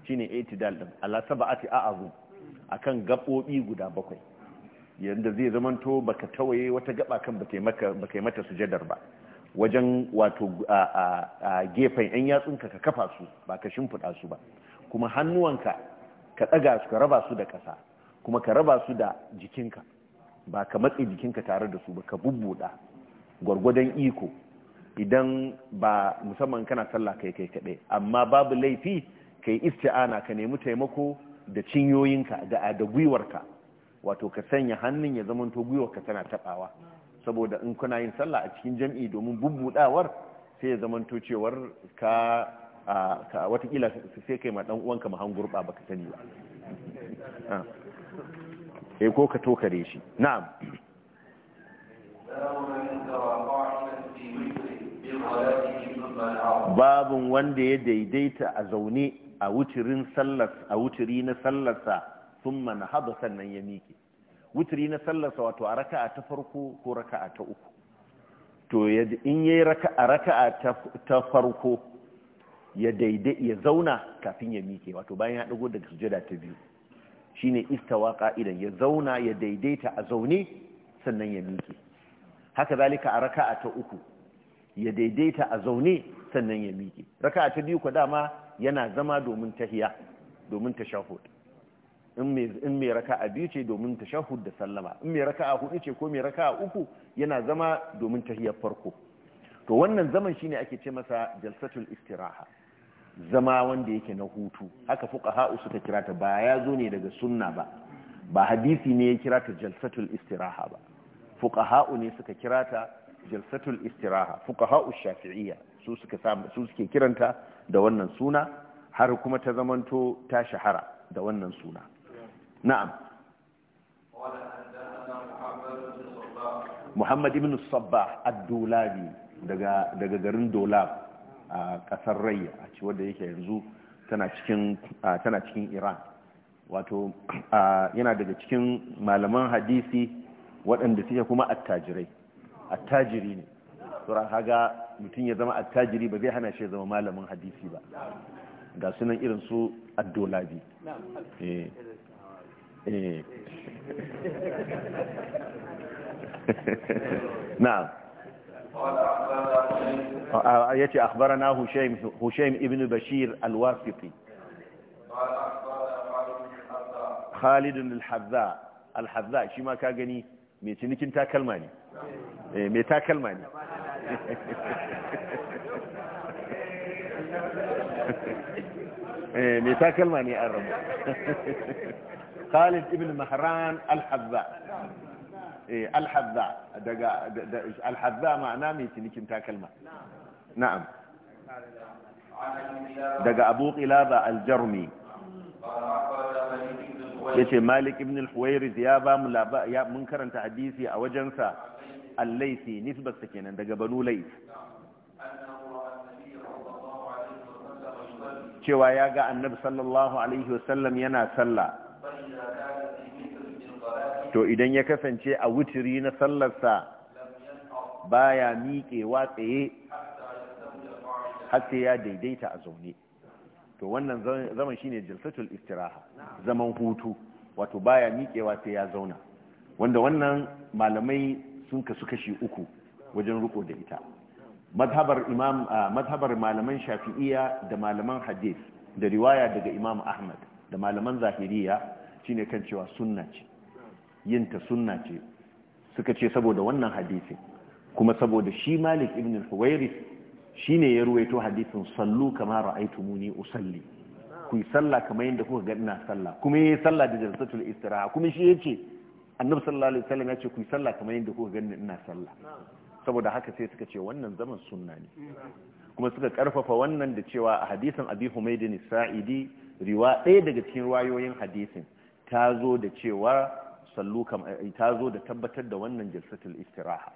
shine itidal din Allah sab'ati a'azum akan gabobi guda bakwai yadda zai zamanto baka tawaye wata gaba kan baka mata sujadar ba wajen wato a gefen yan yatsunka ka kafa su ba ka shimfiɗa su ba kuma hannuwanka ka ɗaga su ka raba su da ƙasa kuma ka raba su da jikinka ba ka matse jikinka tare da su ba ka bubbuɗa gwargwadon iko idan ba musamman kana sallah kai kai kaɗai amma babu laifi ka yi ana ka nemi taimako da cinyoyinka da gwiwarka wato ka sanya hannun ya zamanto gwiwa ka tana tabawa saboda in kuna yin sallah a cikin jam'i domin bubbudawar sai ya to cewar ka a watakila sai kai ma dan uwanka mahan gurba baka sani ba ah. eh ko ka tokare shi na'am babun wanda ya daidaita a zaune a wutirin sallar a na sallarsa thumma nahada sannan ya miƙe wutri na sallarsa wato a raka'a ta farko ko raka'a ta uku to in yayi raka'a raka'a ta farko ya daidai ya zauna kafin ya miƙe wato bayan ya dago daga sujada ta biyu shine istawa qa'idan ya zauna ya daidaita a zaune sannan ya miƙe haka zalika a raka'a ta uku ya daidaita a zaune sannan ya miƙe raka'a ta biyu ko dama yana zama domin tahiya domin tashahhud in mai raka'a biyu ce domin tashahud da sallama in mai raka'a hudu ce ko mai raka'a uku yana zama domin tahiyar farko to wannan zaman shine ake ce masa jalsatul istiraha zama wanda yake na hutu haka fuqaha suka kira ta ba ya zo ne daga sunna ba ba hadisi ne ya kira ta jalsatul istiraha ba fuqaha ne suka kira ta jalsatul istiraha fuqaha shafi'iyya su suka su suke kiranta da wannan suna har kuma ta zamanto ta shahara da wannan suna na'am Muhammad بن الصباح الدولابي دغا daga غارين garin Dolab a kasar Rayya a ci yake yanzu tana cikin tana cikin Iran wato yana daga cikin malaman hadisi waɗanda suke kuma attajirai attajiri ne sura haga mutum ya zama attajiri ba zai hana shi zama malamin hadisi ba ga sunan irin su addolabi إيه. [laughs] نعم يأتي أخبرنا هشيم, هشيم ابن بشير الواثقي خالد الحذاء الحذاء شي ما كاغني مي تنكين تاكلما ني مي تاكلما كلماني مي تاكلما ني الرب خالد ابن مهران الحذاء إيه، الحذاء الحذاء معناه ميتني كنتا كلمة نعم دقى أبوغ إلى ذا الجرمي يتي مالك ابن الحوير زيابا ملابا يا منكر انت حديثي او جنسا الليثي نسبة سكينة دقى بنو ليث شوى يا قى النبي صلى الله عليه وسلم ينا سلّى to idan ya kasance a wuturi na sallarsa ya miƙewa tsaye har ya daidaita a zaune to wannan zaman shine jalsatul istiraha zaman hutu wato ya miƙewa sai ya zauna wanda wannan malamai sun kasu kashi uku wajen riko da ita madhabar imam madhabar malaman shafi'iyya da malaman hadith da riwaya daga imam ahmad da malaman zahiriya shine kan cewa sunna ce yinta sunna ce suka ce saboda wannan hadisin kuma saboda shi malik ibn al shi shine ya ruwaito hadisin sallu kama ra'aytumuni usalli ku yi sallah kamar yadda kuka ga ina sallah kuma yayi sallah da jalsatul istiraha kuma shi yace annabi sallallahu alaihi wasallam ya ce ku yi sallah kamar yadda kuka ga ina sallah saboda haka sai suka ce wannan zaman sunna ne kuma suka karfafa wannan da cewa a hadisin abi humaydin sa'idi riwa ɗaya daga cikin riwayoyin hadisin ta zo da cewa sallu eh, ta zo da tabbatar da wannan jalsatul istiraha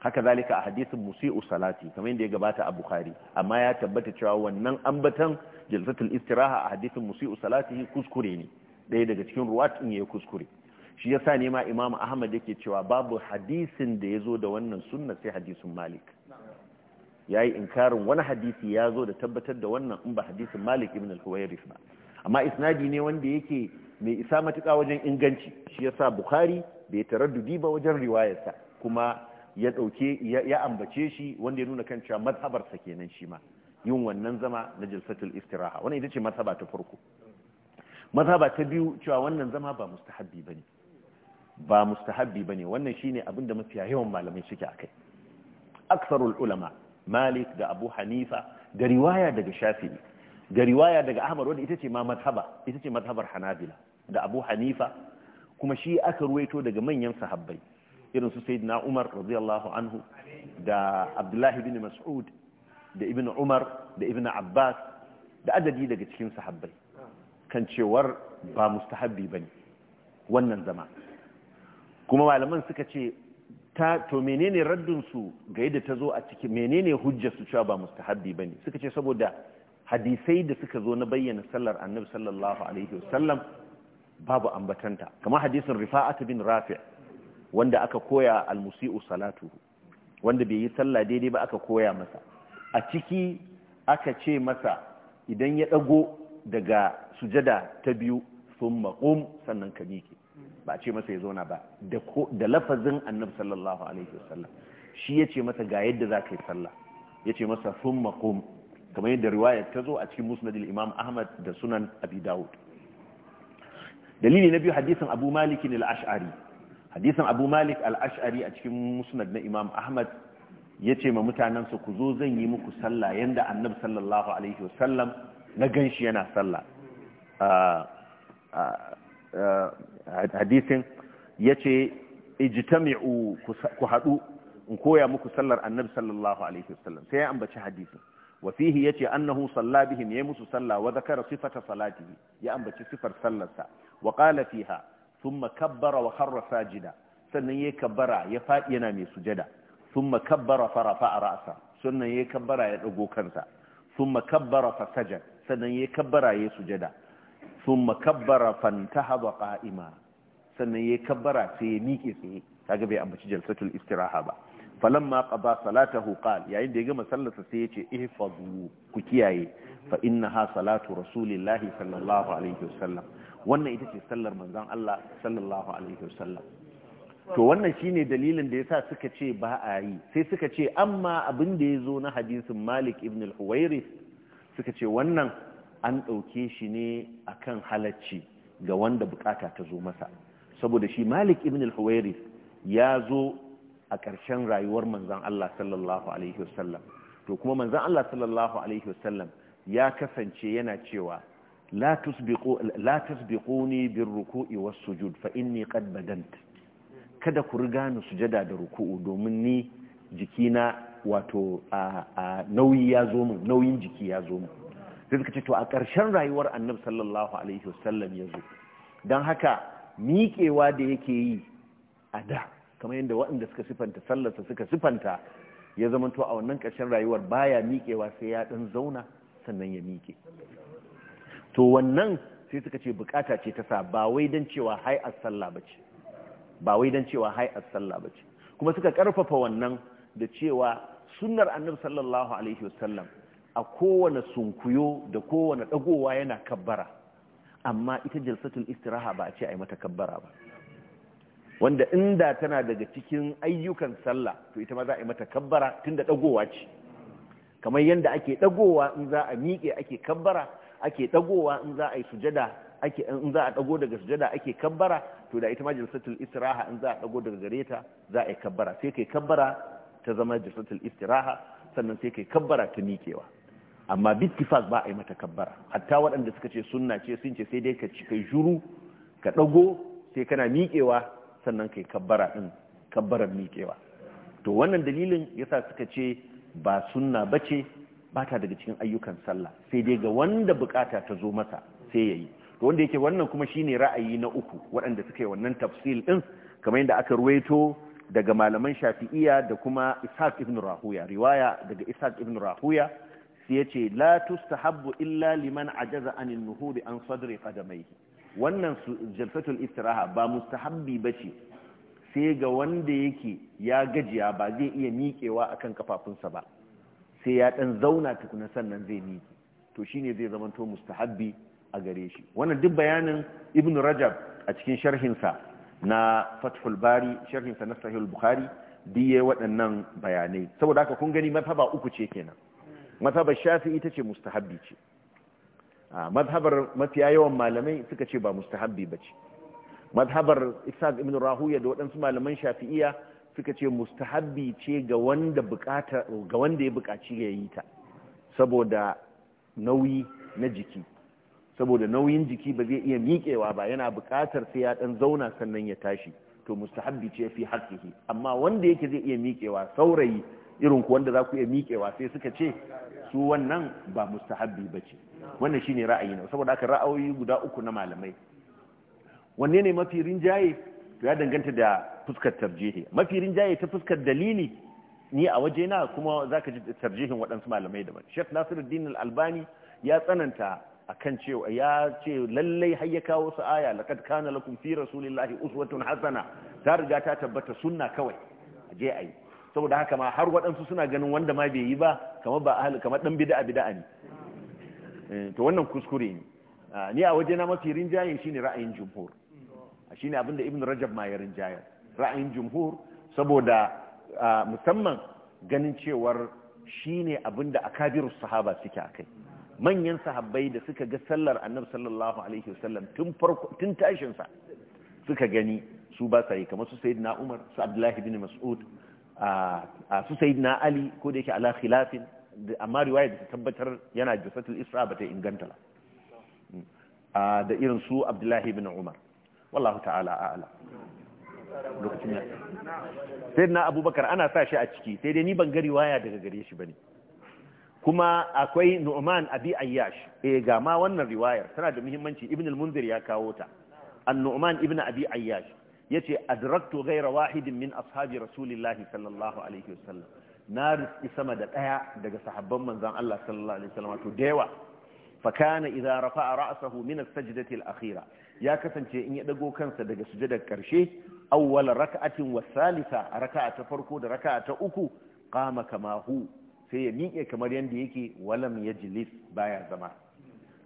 haka zalika a hadisin musi'u salati kamar yadda ya gabata a bukhari amma ya tabbata cewa wannan ambatan jalsatul istiraha a hadisin musi'u salati kuskure ne ɗaya daga cikin ruwat in ya kuskure shi yasa ne ma imam ahmad yake cewa babu hadisin da ya zo da wannan sunna sai hadisin malik ya yi inkarin wani hadisi ya zo da tabbatar da wannan in ba hadisin malik ibn al-huwairis ba amma isnadi ne wanda yake mai isa matuƙa wajen inganci shi ya sa bukhari bai taraddudi ba wajen riwayarsa kuma ya ɗauke ya ambace shi wanda ya nuna kan cewa mazhabarsa kenan shi ma yin wannan zama na jalsatul istiraha wannan ita ce mazhaba ta farko mazhaba ta biyu cewa wannan zama ba mustahabbi bane ba mustahabbi bane wannan shine abinda mafiya yawan malamai suke akai aksarul ulama malik da abu hanifa da riwaya daga shafi'i ga riwaya daga ahmad wadda ita ce ma mazhaba ita ce mazhabar hanabila da abu hanifa kuma shi aka ruwaito daga manyan sahabbai irin su sayyidina umar radiyallahu anhu da abdullahi bin mas'ud da ibn umar da ibn abbas da adadi daga cikin sahabbai kan cewar ba mustahabbi bane wannan zama kuma malaman suka ce ta to menene raddin su ga yadda ta zo a cikin menene hujjar su cewa ba mustahabbi ne suka ce saboda hadisai da suka zo na bayyana sallar annabi sallallahu alaihi wasallam babu ambatanta kamar hadisin rifa'at bin rafi' wanda aka koya al musiiu salatuhu wanda bai yi sallah daidai ba aka koya masa a ciki aka ce masa idan ya dago daga sujada ta biyu thumma qum sannan ka miƙe ba a ce masa ya zauna ba da lafazin annabi sallallahu alaihi wasallam shi yace masa ga yadda zaka yi sallah yace masa thumma qum kamar yadda riwaya ta zo a cikin musnad imam ahmad da sunan abi dawud dalili na biyu hadisin abu malik al-ash'ari hadisin abu malik al-ash'ari a cikin musnad na imam ahmad yace ce ma mutanensa ku zo zan yi muku sallah yanda annabi sallallahu alaihi wasallam na ganshi yana sallah hadisin ya ijtami'u ku haɗu in koya muku sallar annabi sallallahu alaihi wasallam sai ya ambaci hadisin Wasihi ya yace annahu salla bihim yayi musu salla wa zakara sifata salatihi ya ambaci sifar sallarsa wa qala fiha thumma kabbara wa kharra sajida sannan yayi kabbara ya fadi yana mai sujada thumma kabbara fa rafa'a ra'sa sannan yayi kabbara ya dago kansa thumma kabbara fa sajada sannan yayi kabbara yayi sujada thumma kabbara fantahaba qa'ima sannan yayi kabbara sai ya miƙe tsaye kaga bai ambaci jalsatul istiraha ba falamma qada salatahu qal yayin da ya gama sallarsa sai yace ce ihfazu ku kiyaye fa innaha salatu rasulillahi sallallahu alaihi wasallam wannan ita ce sallar manzon Allah sallallahu alaihi wasallam to wannan shine dalilin da yasa suka ce ba a yi sai suka ce amma abin da yazo na hadisin Malik ibn al-Huwairis suka ce wannan an dauke shi ne akan halacci ga wanda bukata ta zo masa saboda shi Malik ibn al-Huwairis ya zo a ƙarshen rayuwar manzan Allah sallallahu alaihi wasallam to kuma manzan Allah sallallahu alaihi wasallam ya kasance yana cewa la tusbiqu ni bin bir ruku'i was sujud fa inni qad badant kada ku riga ni sujada da ruku'u domin ni jikina wato a nauyi ya zo mun nauyin jiki ya zo mun sai suka to a ƙarshen rayuwar annabi sallallahu alaihi wasallam ya zo don haka miƙewa da yake yi a da kamar yadda waɗanda suka sifanta sallarsa suka sifanta ya zama to a wannan ƙarshen rayuwar baya miƙewa sai ya ɗan zauna sannan ya miƙe to wannan sai suka ce bukata ce ta sa ba wai don cewa hai a sallah ba ce ba wai don cewa hai a sallah ba ce kuma suka ƙarfafa wannan da cewa sunnar annabi sallallahu alaihi wasallam a kowane sunkuyo da kowane ɗagowa yana kabbara amma ita jalsatul istiraha ba a ce a yi mata kabbara ba wanda inda tana daga cikin ayyukan sallah to ita ma za a yi mata kabbara tunda dagowa ce kamar yadda ake dagowa in za a miƙe ake kabbara ake dagowa in za a yi sujada ake in za a dago daga sujada ake kabbara to da ita ma jalsatul istiraha in za a dago daga gare ta za a yi kabbara sai kai kabbara ta zama jalsatul istiraha sannan sai kai kabbara ta miƙewa amma bittifak ba a yi mata kabbara hatta waɗanda suka ce sunna ce sun ce sai dai ka ci kai juru ka dago sai kana miƙewa sannan kai kabbara din kabbarar miƙewa to wannan dalilin yasa suka ce ba sunna bace ba ta daga cikin ayyukan sallah sai dai ga wanda bukata ta zo masa sai yayi to wanda yake wannan kuma shine ra'ayi na uku waɗanda suka yi wannan tafsil ɗin kamar yadda aka ruwaito daga malaman shafi'iya da kuma ishaq ibn rahuya riwaya daga ishaq ibn rahuya sai yace la tustahabbu illa liman ajaza anin nuhuri an sadri qadamaihi wannan jalsatul istiraha ba mustahabbi ba ce sai ga wanda yake ya gajiya ba zai iya miƙewa akan kafafunsa ba sai ya ɗan zauna tukuna sannan zai miƙe to shine zai zama to mustahabbi a gare shi wannan duk bayanin ibnu rajab a cikin sharhinsa na fathul bari sharhinsa na sahihul bukhari diye waɗannan bayanai saboda haka kun gani mafaba uku ce kenan mazhabar shafi ita ce mustahabbi ce Ah, madhabar mafiya yawan malamai suka ce ba mustahabbi ce, madhabar ishaq ibn rahuya da waɗansu malaman shafi'iya suka ce mustahabbi ce ga wanda bukata ga wanda ya bukaci ya yi ta saboda nauyi na jiki saboda nauyin jiki ba zai iya miƙewa ba yana bukatar sai ya dan zauna sannan ya tashi to mustahabbi ce fi haqqihi amma wanda yake zai iya miƙewa saurayi irin ku wanda za ku iya miƙewa sai suka ce su wannan ba mustahabbi ba ce wannan shine ra'ayi na saboda aka ra'ayoyi guda uku na malamai wanne ne mafi rinjaye ya danganta da fuskar tarjihi mafi rinjaye ta fuskar dalili ni a waje na kuma zaka ji tarjihin waɗansu malamai daban Sheikh Nasiruddin Al-Albani ya tsananta akan cewa ya ce lallai har ya kawo su aya laqad kana lakum fi rasulillahi uswatun hasana ta riga ta tabbata sunna kawai aje ayi saboda haka ma har waɗansu suna ganin wanda ma bai yi ba kamar ɗan ahli kamar bid'a bid'a ne eh, to wannan kuskure ne ah, ni a waje na mafi rinjaye shine ra'ayin jumhur ah, shine abinda ibn rajab ma ya rinjaye ra'ayin jumhur saboda ah, musamman ganin cewar shi shine abinda akabirus sahaba suke kai manyan sahabbai da suka ga sallar annabi sallallahu alaihi wasallam tun farko tun tashin suka gani su ba sa yi kamar su sayyidina Umar su Abdullahi ibn Mas'ud a su na ali ko da yake ala khilafin amma riwaya da ta tabbatar yana jasatul isra ba ta inganta la hmm. da irin su abdullahi bin umar wallahu ta'ala a'lam lokacin ya sai na abubakar ana sa shi a ciki sai dai ni ban ga riwaya daga gare shi bane kuma akwai nu'man abi ayyash eh ga ma wannan riwayar tana da muhimmanci ibn al-munzir ya kawo ta an nu'man ibn abi ayyash Ya a adraktu gaira wahidin min ashabi rasulillahi sallallahu alaihi wasallam na riski sama da ɗaya daga sahabban manzon Allah sallallahu alaihi wasallam to dewa fa kana idza rafa'a ra'sahu min as-sajdati al-akhira ya kasance in ya dago kansa daga sujudar karshe awwal rak'atin wa thalitha raka'a ta farko da raka'a ta uku qama kama hu sai ya miƙe kamar yanda yake walam yajlis baya zama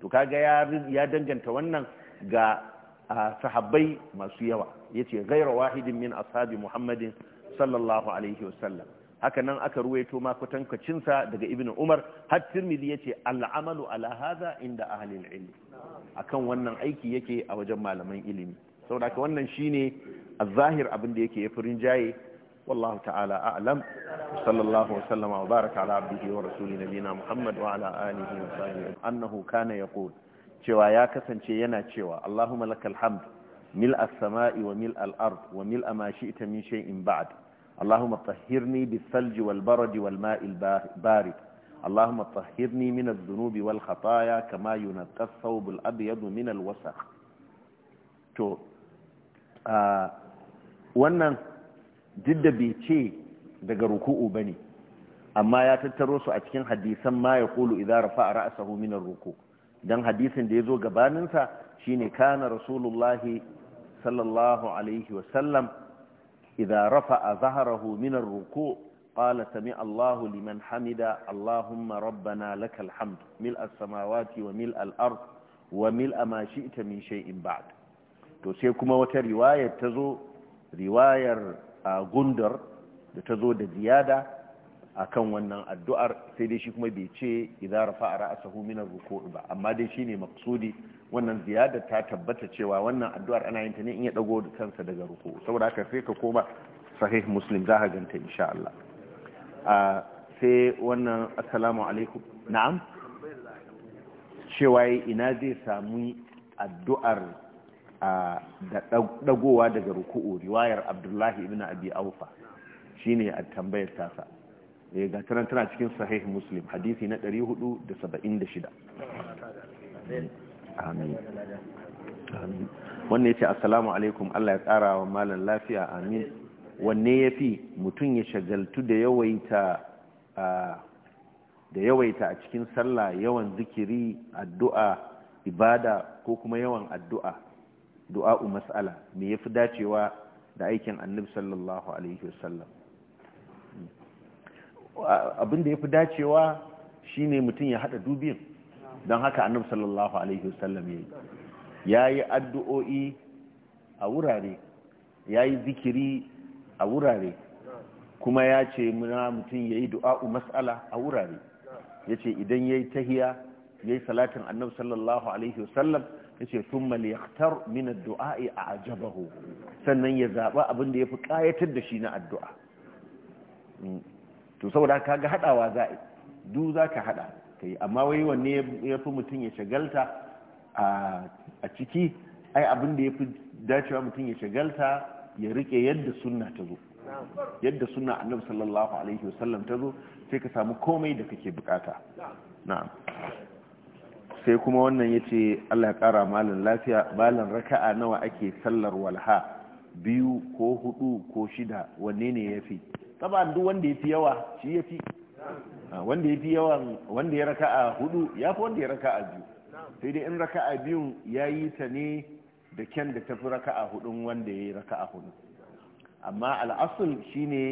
to kaga ya ya danganta wannan ga sahabbai masu yawa yace ghayra wahidin min ashabi muhammadin sallallahu alaihi wasallam haka nan aka ruwaito ma kwatankacin daga ibnu umar har tirmidhi yace al'amalu ala hadha inda ahli al akan wannan aiki yake a wajen malaman ilimi saboda haka wannan shine azahir zahir abin da yake yafi rinjaye wa تعالى أعلم صلى الله وسلم وبارك على عبده ورسول نبينا محمد وعلى آله وصحبه أنه كان يقول cewa ya kasance yana cewa Allahumma lakal hamd mil as-sama'i wa mil al-ard wa mil ma shi'ta min shay'in ba'd Allahumma tahhirni bis-salji wal-barad wal-ma'i al-barid Allahumma tahhirni min adh-dhunubi wal-khataaya kama yunqqa ath-thawb al-abyad min al-wasakh to wannan didda bai ce daga ruku'u bane amma ya tattaro su a cikin hadisan ma yaqulu idza rafa'a ra'sahu min ar-ruku' don hadisin da ya zo gabaninsa shine kana rasulullahi sallallahu alaihi wasallam a rafa'a zahrahu min ar-ruku' qala sami Allahu liman hamida Allahumma rabbana lakal hamd mil as-samawati wa mil al-ard wa mil ma ita min shay'in ba'd to sai kuma wata riwayar tazo riwayar ah, gundar da tazo da ziyada akan wannan addu'ar sai dai shi kuma bai ce idza rafa ra'sahu ra'asa ar-ruku' ba amma dai shine maqsudi wannan ziyada ta tabbata cewa wannan addu'ar ana yin ta ne in ya dago da kansa daga ruku saboda haka sai ka koma sahih muslim za ka ganta insha Allah sai wannan assalamu alaikum na'am cewa ina zai samu addu'ar da dagowa daga ruku'u riwayar Abdullahi ibnu Abi Aufa shine a tambayar tasa ya eh, ga tana tana cikin sahih muslim hadisi na 476 wannan amin wannan assalamu alaikum Allah ya tsara wa malan lafiya amin wanne fi mutum ya shagaltu da yawaita a cikin sallah yawan zikiri addu'a ibada ko kuma yawan addu'a du'a'u mas'ala me fi dacewa da aikin annabi sallallahu alaihi wasallam abin da ya fi dacewa shi ne mutum ya haɗa dubin don haka annabi sallallahu alaihi wasallam ya yi ya yi addu'o'i a wurare ya yi zikiri a wurare kuma ya ce muna mutum ya yi du'a'u mas'ala a wurare ya ce idan ya yi tahiya ya yi salatin annabi sallallahu alaihi wasallam ya ce tun maliyaktar minar du'a'i a ajabahu sannan ya zaɓa abin da ya fi ƙayatar da shi na addu'a hmm. to saboda kaga hadawa za a du za ka hada kai amma wai wanne ya fi mutum ya shagalta a ciki ai abin da ya fi dacewa mutum ya shagalta ya rike yadda sunna ta zo yadda sunna annabi sallallahu alaihi wasallam ta zo sai ka samu komai da kake bukata na'am sai kuma wannan ya ce allah kara malin lafiya malin raka'a nawa ake sallar walha biyu ko hudu ko shida wanne ne ya fi taban duk wanda ya fi yawa shi ya fi ah, wanda ya fi yawan wanda ya raka a hudu ya fi wanda ya raka a biyu sai dai in raka a biyun ya yi ta ne da kyan da tafi raka a hudun wanda ya yi raka a hudu amma al'asul shi ne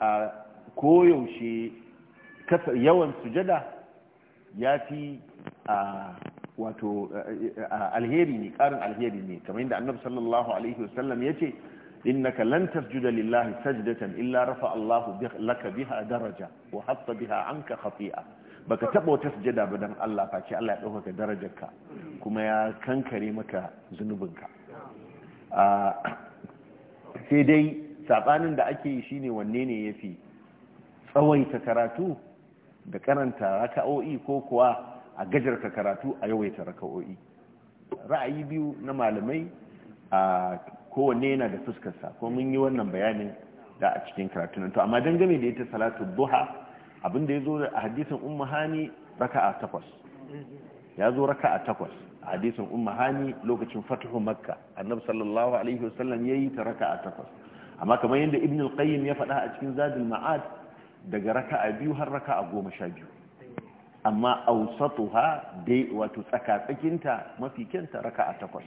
a koyaushe yawan sujada ya fi a wato alheri ne karin alheri ne kamar yadda annabi sallallahu alaihi wasallam ya ce إنك لن تسجد لله سجدة إلا رفع الله لك بها درجة وحط بها عنك خطيئة baka taba wata sujada ba dan Allah face Allah ya dauka darajarka kuma ya kankare maka zunubinka sai dai sabanin da ake yi shine wanne ne yafi tsawaita karatu da karanta raka'o'i ko kuwa a gajarta karatu a yawaita raka'o'i ra'ayi biyu na malamai a kowanne yana da fuskarsa ko mun yi wannan bayanin da a cikin karatu to amma dangane da ita salatu duha abinda ya zo a hadisin umma hani raka'a takwas ya zo raka'a takwas a hadisin umma hani lokacin fatihun makka annabi sallallahu alaihi wasallam ya yi ta raka'a takwas amma kamar yadda ibn al-qayyim ya faɗa a cikin zadul ma'ad daga raka'a biyu har raka'a goma sha biyu amma ausatuha dai wato tsaka tsakinta mafi kyanta raka'a takwas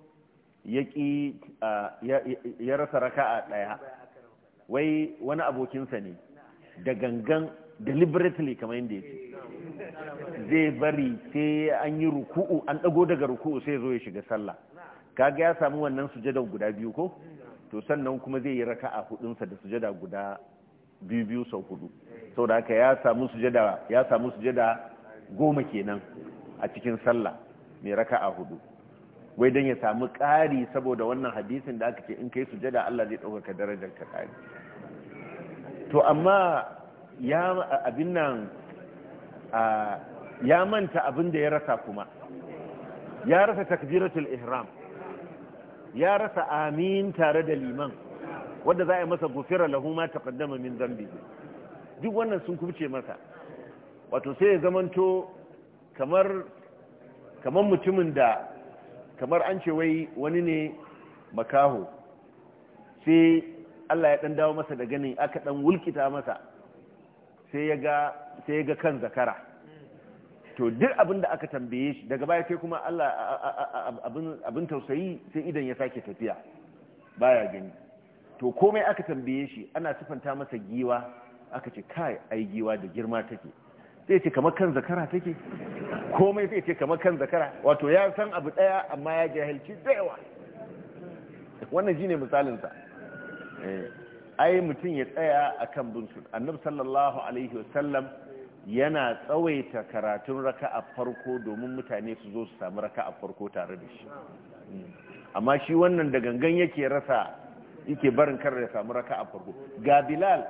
ya rasa raka a ɗaya wai wani abokinsa ne da gangan deliberately kamar yadda ya ce zai bari sai an yi ruku'u an ɗago daga ruku'u sai zo ya shiga sallah kaga ya samu wannan sujada guda biyu ko to sannan kuma zai yi raka a hudunsa da sujada guda biyu biyu sau hudu sau da haka ya samu sujada goma kenan a cikin sallah mai raka a hudu wai don ya samu ƙari saboda wannan hadisin da aka ce in kai sujada Allah zai ɗaukaka darajar ka ƙari to amma ya abin nan ya manta abin da ya rasa kuma ya rasa takbiratul ihram ya rasa amin tare da liman wanda za a yi masa gufira lahu ma taqaddama min zambi duk wannan sun kubce masa wato sai ya zamanto kamar mutumin da kamar an ce wai wani ne makaho sai Allah ya dan dawo masa da ganin aka dan wulkita masa sai ya ga sai ya ga kan zakara to duk abin da aka tambaye shi daga baya sai kuma Allah abin abin tausayi sai idan ya sake tafiya baya gani to komai aka tambaye shi ana sifanta masa giwa aka ce kai ai giwa da girma take sai ce kamar kan zakara take komai zai ce kamar kan zakara wato ya san abu daya amma ya jahilci da wannan shine misalinsa eh, ai mutum ya tsaya akan kan sun annabi sallallahu alaihi wasallam yana tsawaita karatun raka a farko domin mutane su zo su samu a farko tare da shi hmm. amma shi wannan da gangan yake rasa yake barin kar ya samu a farko ga bilal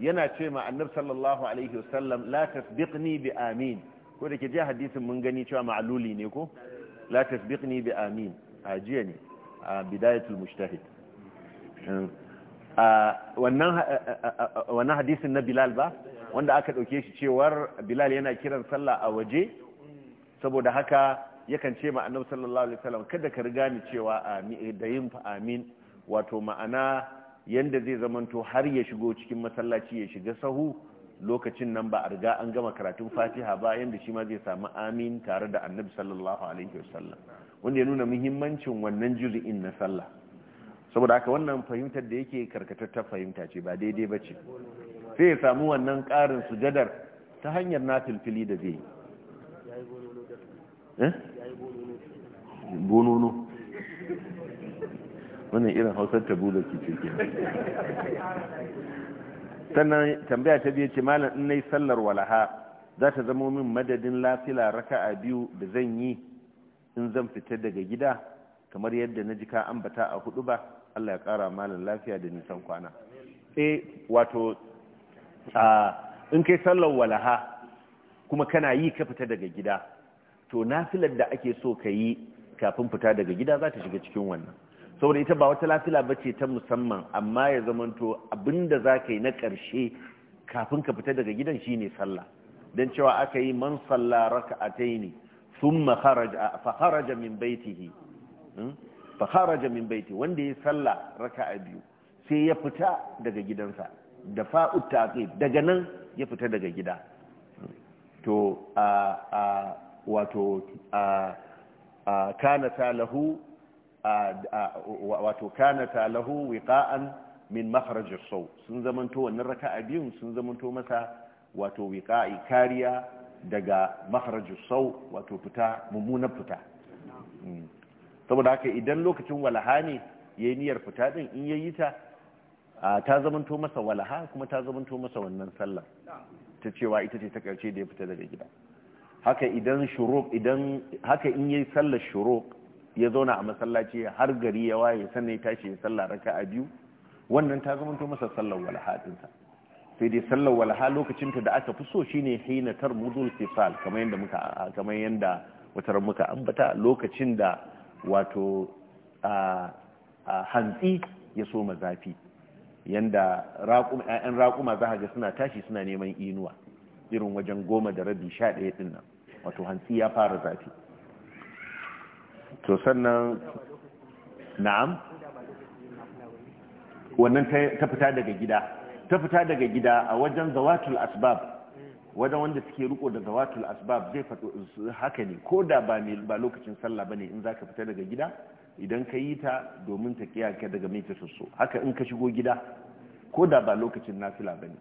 yana ce ma annab sallallahu alaihi wasallam la tasbiqni bi amin ko da ke je hadisin mun gani cewa ma'aluli ne ko la tasbiqni bi amin ajiya ne a bidayatul mujtahid hmm. wannan hadisin na bilal ba wanda aka ɗauke shi cewar bilal yana kiran sallah a waje saboda haka yakan ce ma annabi sallallahu alaihi wasallam kada ka riga ni cewa da yin amin wato ma'ana yanda zai zamanto har ya shigo cikin masallaci ya shiga sahu lokacin nan ba a riga an gama karatun fatiha ba yadda shi ma zai samu amin tare da annabi sallallahu alaihi wasallam wanda ya nuna muhimmancin wannan juzu'in na sallah saboda haka wannan fahimtar da yake karkatattar fahimta ce ba daidai ba ce sai ya samu wannan ƙarin sujadar ta hanyar na filfili da zai eh? bonono hausar tabu da ke sannan tambaya ta biyu ce malam in nayi sallar walaha za ta zamo min madadin lafila a biyu da zan yi in zan fita daga gida kamar yadda na ji ka ambata a hudu ba Allah ya kara malam lafiya da nisan kwana eh wato in kai sallar walaha kuma kana yi ka fita daga gida to nafilar da ake so ka yi kafin fita daga gida za ta shiga cikin wannan saboda ita ba wata lafila ba ce ta musamman amma ya zamanto abinda za ka yi na ƙarshe kafin ka fita daga gidan shi ne sallah don cewa aka yi man sallah raka a ta yi faharaja min baitihi hmm? min baiti wanda ya yi sallah raka a biyu sai ya fita daga gidansa da fa'uta ta daga nan ya fita daga gida to a wato a kanata lahu wato kanata lahu wiqa'an min makharaj as-saw sun zamanto wannan raka'a biyun sun zamanto masa wato wiqa'i kariya daga makharaj as-saw wato fita mummunan fita saboda haka idan lokacin walaha ne yayi niyyar fita din in yayi ta ta zamanto masa walaha kuma ta zamanto masa wannan sallah ta cewa ita ce ta karshe da ya fita daga gida haka idan shuruq idan haka in yayi sallar shuruq ya zauna a masallaci har gari ya waye sannan ya tashi ya salla a biyu wannan ta zama masa sallar walha dinsa sai dai sallar walha lokacin da aka fi so shine hina tarmudul fisal kamar yanda muka kamar yanda wata muka ambata lokacin da wato a hantsi ya soma zafi yanda ‘ya'yan raƙuma za ga suna tashi suna neman inuwa irin wajen goma da rabi sha ɗaya ɗin nan wato hantsi ya fara zafi to sannan na'am wannan ta fita daga gida ta fita daga gida a wajen zawatul asbab wajen wanda suke riko da zawatul asbab zai fato haka ne ko da ba lokacin sallah bane in zaka fita daga gida idan ka yi ta domin ta ka daga mai ta haka in ka shigo gida ko da ba lokacin nafila bane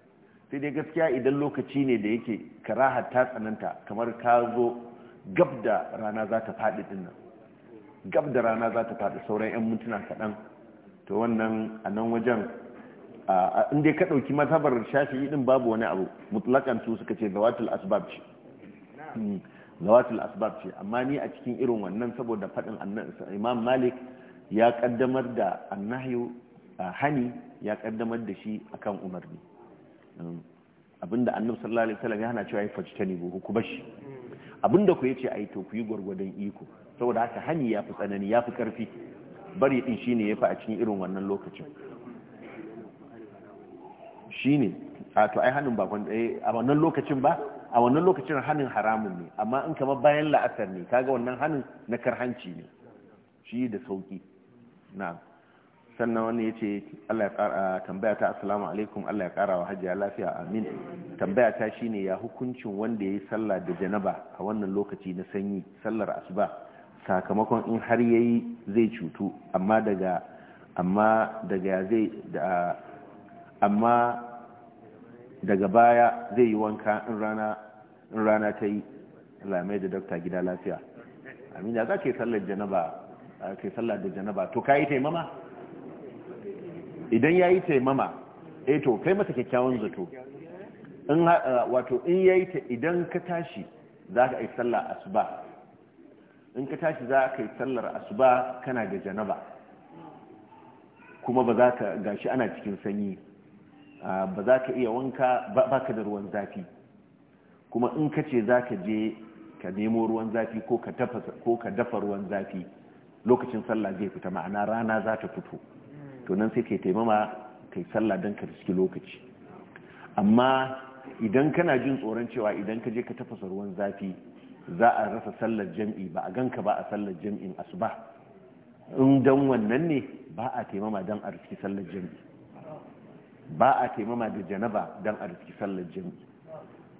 sai dai gaskiya idan lokaci ne da yake karaha ta tsananta kamar ka zo gab da rana za ta faɗi dinnan gab da rana za ta faɗi sauran 'yan mutuna kaɗan to wannan a nan wajen inda ka ɗauki mazhabar shafi ɗin babu wani abu mutlakan su suka ce zawatul asbab ce hmm, zawatul asbab ce amma ni a cikin irin wannan saboda faɗin imam malik ya ƙaddamar da annahyu hani ya ƙaddamar da shi a kan umarni hmm, abinda annabi sallallahu alaihi wasallam ya hana cewa ya ne buhu ku bashi abinda ku yace ai to ku yi gwargwadon iko saboda haka hani ya fi tsanani ya fi ƙarfi bari ɗin shi ne ya fi a cikin irin wannan lokacin shi ne a to ai hannun bakon eh, a wannan lokacin ba a wannan lokacin hannun haramun ne amma in kama bayan la'asar ne kaga wannan hannun na karhanci ne shi da sauki na sannan wani ya ce Allah ya ƙara tambaya ta assalamu alaikum Allah ya ƙara wa hajiya lafiya amin tambaya ta shine ya hukuncin wanda ya yi sallah da janaba a wannan lokaci na sanyi sallar asuba sakamakon in har yayi zai cutu amma daga amma daga zai amma daga baya zai yi wanka in rana in rana ta yi lamai da dokta gida lafiya amina za ka yi sallar janaba ka sallar da janaba to ka yi taimama idan ya yi taimama eh to kai masa kyakkyawan zato in wato in ya yi idan ka tashi za ka yi sallar asuba in ka tashi za ka yi sallar asuba kana da janaba kuma ba za ka gashi ana cikin sanyi ba za ka iya wanka ba ka da ruwan zafi kuma in ka ce za ka je ka nemo ruwan zafi ko ka dafa ruwan zafi lokacin sallah zai fita ma'ana rana za ta fito to nan sai kai taimama kai sallah don ka riski lokaci amma idan kana jin tsoron cewa idan ka je ka tafasa ruwan zafi za a rasa sallar jam'i ba a ganka ba a sallar jam'in asuba in dan wannan ne ba a taimama dan a riski sallar jam'i ba a taimama da janaba dan a riski sallar jam'i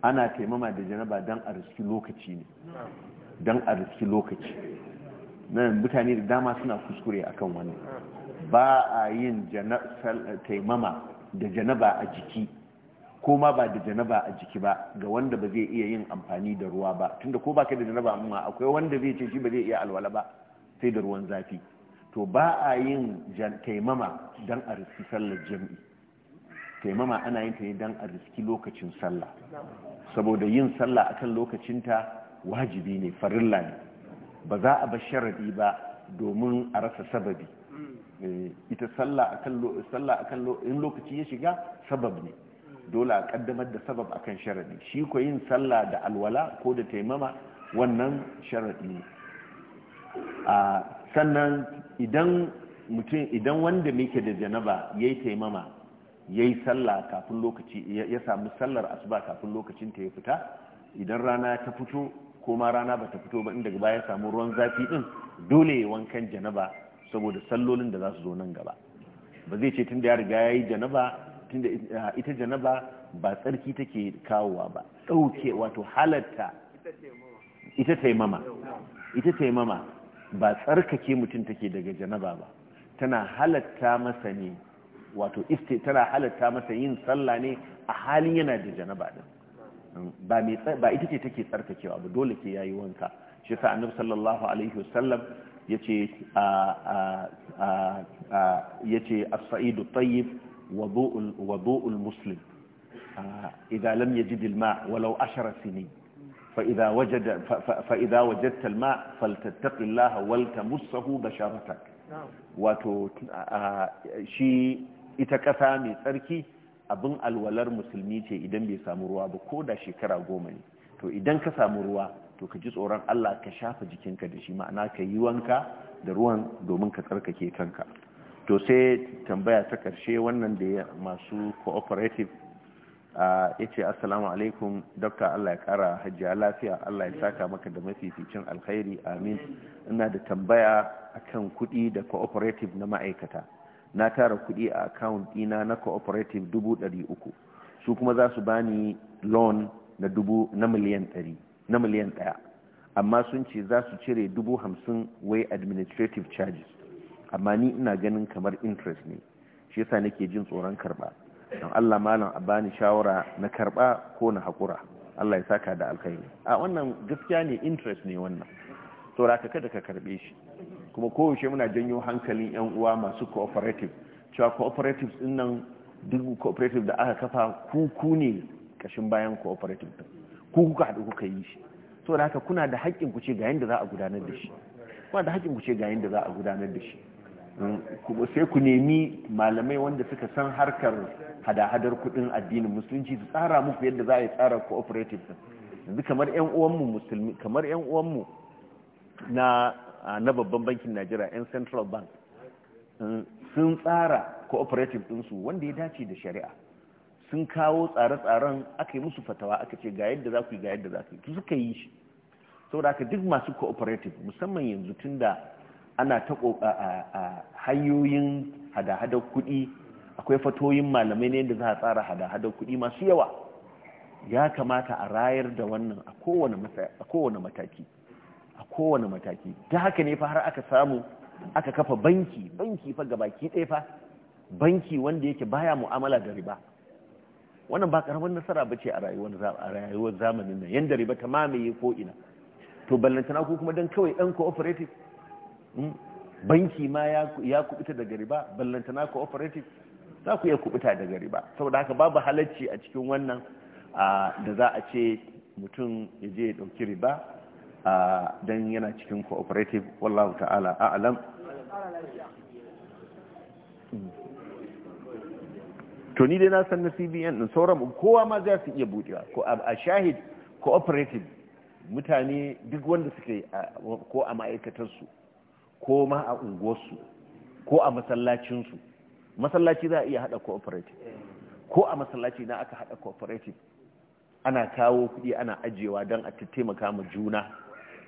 ana taimama da janaba dan a riski lokaci ne dan a riski lokaci nan mutane da dama suna kuskure akan wannan ba a yin taimama da janaba a jiki ko ma ba da janaba a jiki ba ga wanda ba zai iya yin amfani da ruwa ba tunda ko ba ka da janaba amma akwai wanda zai ce shi ba zai iya alwala ba sai da ruwan zafi to ba a yin taimama don a riski sallar jam'i taimama ana yin ta ne don a riski lokacin sallah saboda yin sallah akan lokacinta wajibi ne farilla ne ba za a bar sharadi ba domin a rasa sababi eh, ita sallah akan lokaci ya shiga sabab ne dole a kaddamar da sabab akan sharadi shi ko yin sallah da alwala ko da taimama wannan sharadi ne a sannan idan mutum idan wanda muke da janaba yayi taimama yayi sallah kafin lokaci ya samu sallar asuba kafin lokacin ta ya fita idan rana ta fito ko ma rana ba ta fito ba inda gaba ya samu ruwan zafi din dole ya wankan janaba saboda sallolin da za su zo nan gaba ba zai ce tun da ya riga ya yi janaba tunda uh, ita janaba ba tsarki take kawowa ba ɗauke wato halatta ita taimama ita taimama ba tsarkake mutum take daga janaba ba tana halatta masa ne wato tana halatta masa yin sallah ne a halin yana da janaba din mm, ba ita ce take tsarkakewa ba dole ke yayi wanka shi sa annabi sallallahu alaihi wasallam yace a a yace as-sa'idu tayyib وضوء المسلم إذا لم يجد الماء ولو عشر سنين فإذا, وجد فإذا وجدت الماء فلتتق الله ولتمسه بشرتك wato ah, shi ita ƙasa mai tsarki abin alwalar musulmi ce idan bai samu ruwa ba ko da shekara goma ne to idan ka samu ruwa to ka ji tsoron Allah ka shafa jikinka da shi ma'ana ka yi wanka da ruwan domin ka tsarkake kanka to sai tambaya ta karshe wannan da masu cooperative ya ce assalamu alaikum dokta allah ya kara hajiya lafiya allah ya saka maka da mafificin alkhairi amin ina da tambaya kan kudi da cooperative na ma'aikata na tara kudi a account dina na cooperative uku su kuma za su bani loan na dubu na miliyan na miliyan ɗaya amma sun ce za su cire dubu hamsin wai administrative charges amma ni ina ganin kamar interest ne shi yasa nake jin tsoron karba don Allah malam a bani shawara na karba ko na hakura Allah ya saka da alkhairi a wannan gaskiya ne interest ne wannan saboda ka kada ka karbe shi kuma ko yaushe muna janyo hankalin yan uwa masu cooperative cewa cooperatives din nan duk cooperative da aka kafa ku ku ne kashin bayan cooperative din ku kuka hadu kuka yi shi saboda kuna da haƙƙin ku ce ga yanda za a gudanar da shi kuna da haƙƙin ku ce ga yanda za a gudanar da shi kuma sai ku nemi malamai wanda suka san harkar hada-hadar kudin addinin musulunci su tsara muku yadda za a yi tsara cooperative din yanzu kamar yan uwanmu musulmi kamar yan uwanmu na babban bankin Najeriya yan Central Bank sun tsara cooperative su wanda ya dace da shari'a sun kawo tsare-tsaren aka yi musu fatawa aka ce ga yadda za ku yi ga yadda za ku yi suka yi shi saboda haka duk masu cooperative musamman yanzu tun da ana ta hanyoyin hada-hadar kuɗi akwai fatoyin malamai ne da za a tsara hada-hadar kuɗi masu yawa ya kamata a rayar da wannan a kowane mataki a kowane mataki ta haka ne fa har aka samu aka kafa banki banki fa gabaki ɗaya fa banki wanda yake baya mu'amala da riba wannan ba karamin nasara ba ce a rayuwar zamanin nan yadda riba ta mamaye ko ina to ballantana ko kuma don kawai ɗan cooperative banki ma ya kubuta daga riba ballantana cooperative za ku iya kubuta daga riba saboda haka babu halacci a cikin wannan da za a ce mutum ya je ya ɗauki riba don yana cikin cooperative wallahu ta'ala a'alam to ni dai na san na cbn din sauran kowa ma za su iya budewa ko a shahid cooperative mutane duk wanda suke ko a su. ko ma a unguwarsu ko a masallacinsu masallaci za a iya haɗa cooperative ko a masallaci na aka haɗa cooperative ana kawo kuɗi ana ajiyewa don a taimaka ma juna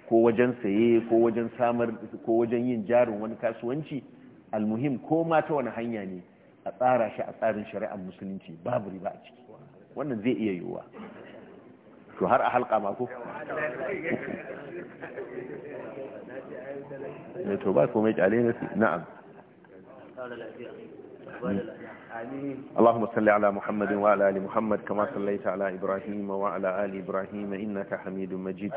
ko wajen saye ko wajen samar ko wajen yin jarin wani kasuwanci almuhim ko ma ta wani hanya ne a tsara shi a tsarin shari'ar musulunci babu riba a ciki wannan zai iya yiwuwa to har a halka mako ne to ba komai kyale ne na'am اللهم صل على محمد وعلى آل محمد كما صليت على إبراهيم وعلى آل إبراهيم إنك حميد مجيد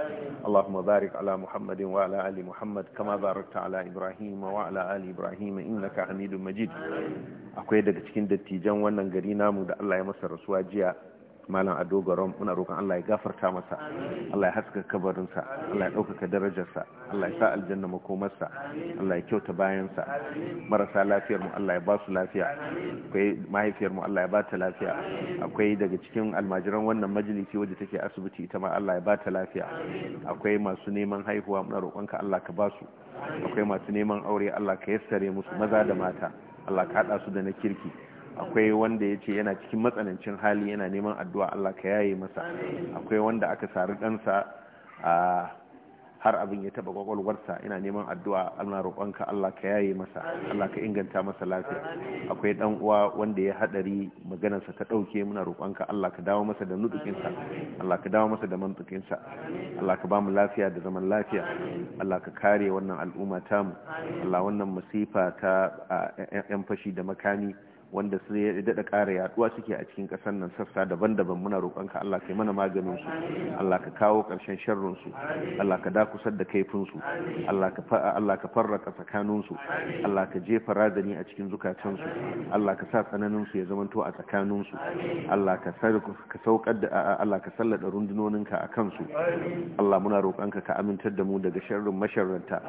اللهم بارك على محمد وعلى آل محمد كما باركت على إبراهيم وعلى آل إبراهيم إنك حميد مجيد akwai daga cikin dattijan wannan gari namu da Allah ya masa rasuwa jiya malam ado garon muna roƙon Allah ya gafarta masa Allah ya haska kabarinsa Allah ya ɗaukaka darajarsa Allah ya sa aljanna makomarsa Allah ya kyauta bayansa marasa lafiyar mu Allah ya ba su lafiya akwai mahaifiyar Allah ya ba ta lafiya akwai daga cikin almajiran wannan majalisi wadda take asibiti ita ma Allah ya ba ta lafiya akwai masu neman haihuwa muna roƙonka Allah ka ba su akwai masu neman aure Allah ka yassare musu maza da mata Allah ka haɗa su da na kirki akwai wanda ya ce yana cikin matsanancin hali yana neman addu'a Allah ka yaye masa akwai wanda aka sari ɗansa a har abin ya taɓa kwakwalwarsa yana neman addu'a ana roƙonka Allah ka yaye masa Allah ka inganta masa lafiya akwai ɗan uwa wanda ya haɗari maganarsa ta ɗauke muna roƙonka Allah ka dawo masa da nutukinsa Allah ka dawo masa da mantukinsa Allah ka ba mu lafiya da zaman lafiya Allah ka kare wannan al'umma tamu Allah wannan masifa ta 'yan fashi da makami wanda su ya daɗa ƙara yaduwa suke a cikin ƙasar nan sassa daban-daban muna roƙonka Allah kai mana maganin su Allah ka kawo ƙarshen sharrin su Allah ka dakusar da kaifin su Allah ka Allah ka farraka tsakanin su Allah ka jefa razani a cikin zukatan su Allah ka sa tsananin su ya zamanto a tsakanin su Allah ka ka saukar da Allah ka sallada rundunonin ka akan su Allah muna roƙonka ka amintar da mu daga sharrin masharranta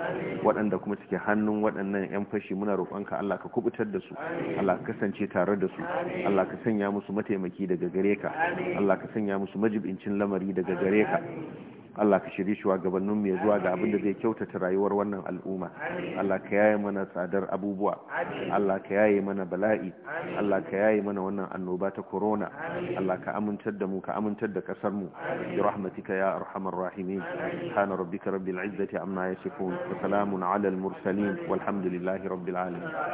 waɗanda kuma suke hannun waɗannan 'yan fashi muna roƙonka Allah ka kubutar da su Allah ka kasance kasance tare da su Allah ka sanya musu mataimaki daga gare ka Allah ka sanya musu majibincin lamari daga gare ka Allah ka shirye shi mu mai zuwa ga abin da zai kyautata rayuwar wannan al'umma Allah ka yaye mana tsadar abubuwa Allah ka yaye mana bala'i Allah ka yaye mana wannan annoba ta corona Allah ka amintar da mu ka amintar da kasar mu bi rahmatika ya arhamar rahimin subhana rabbika rabbil izzati amma yasifun wa salamun ala al mursalin walhamdulillahi rabbil alamin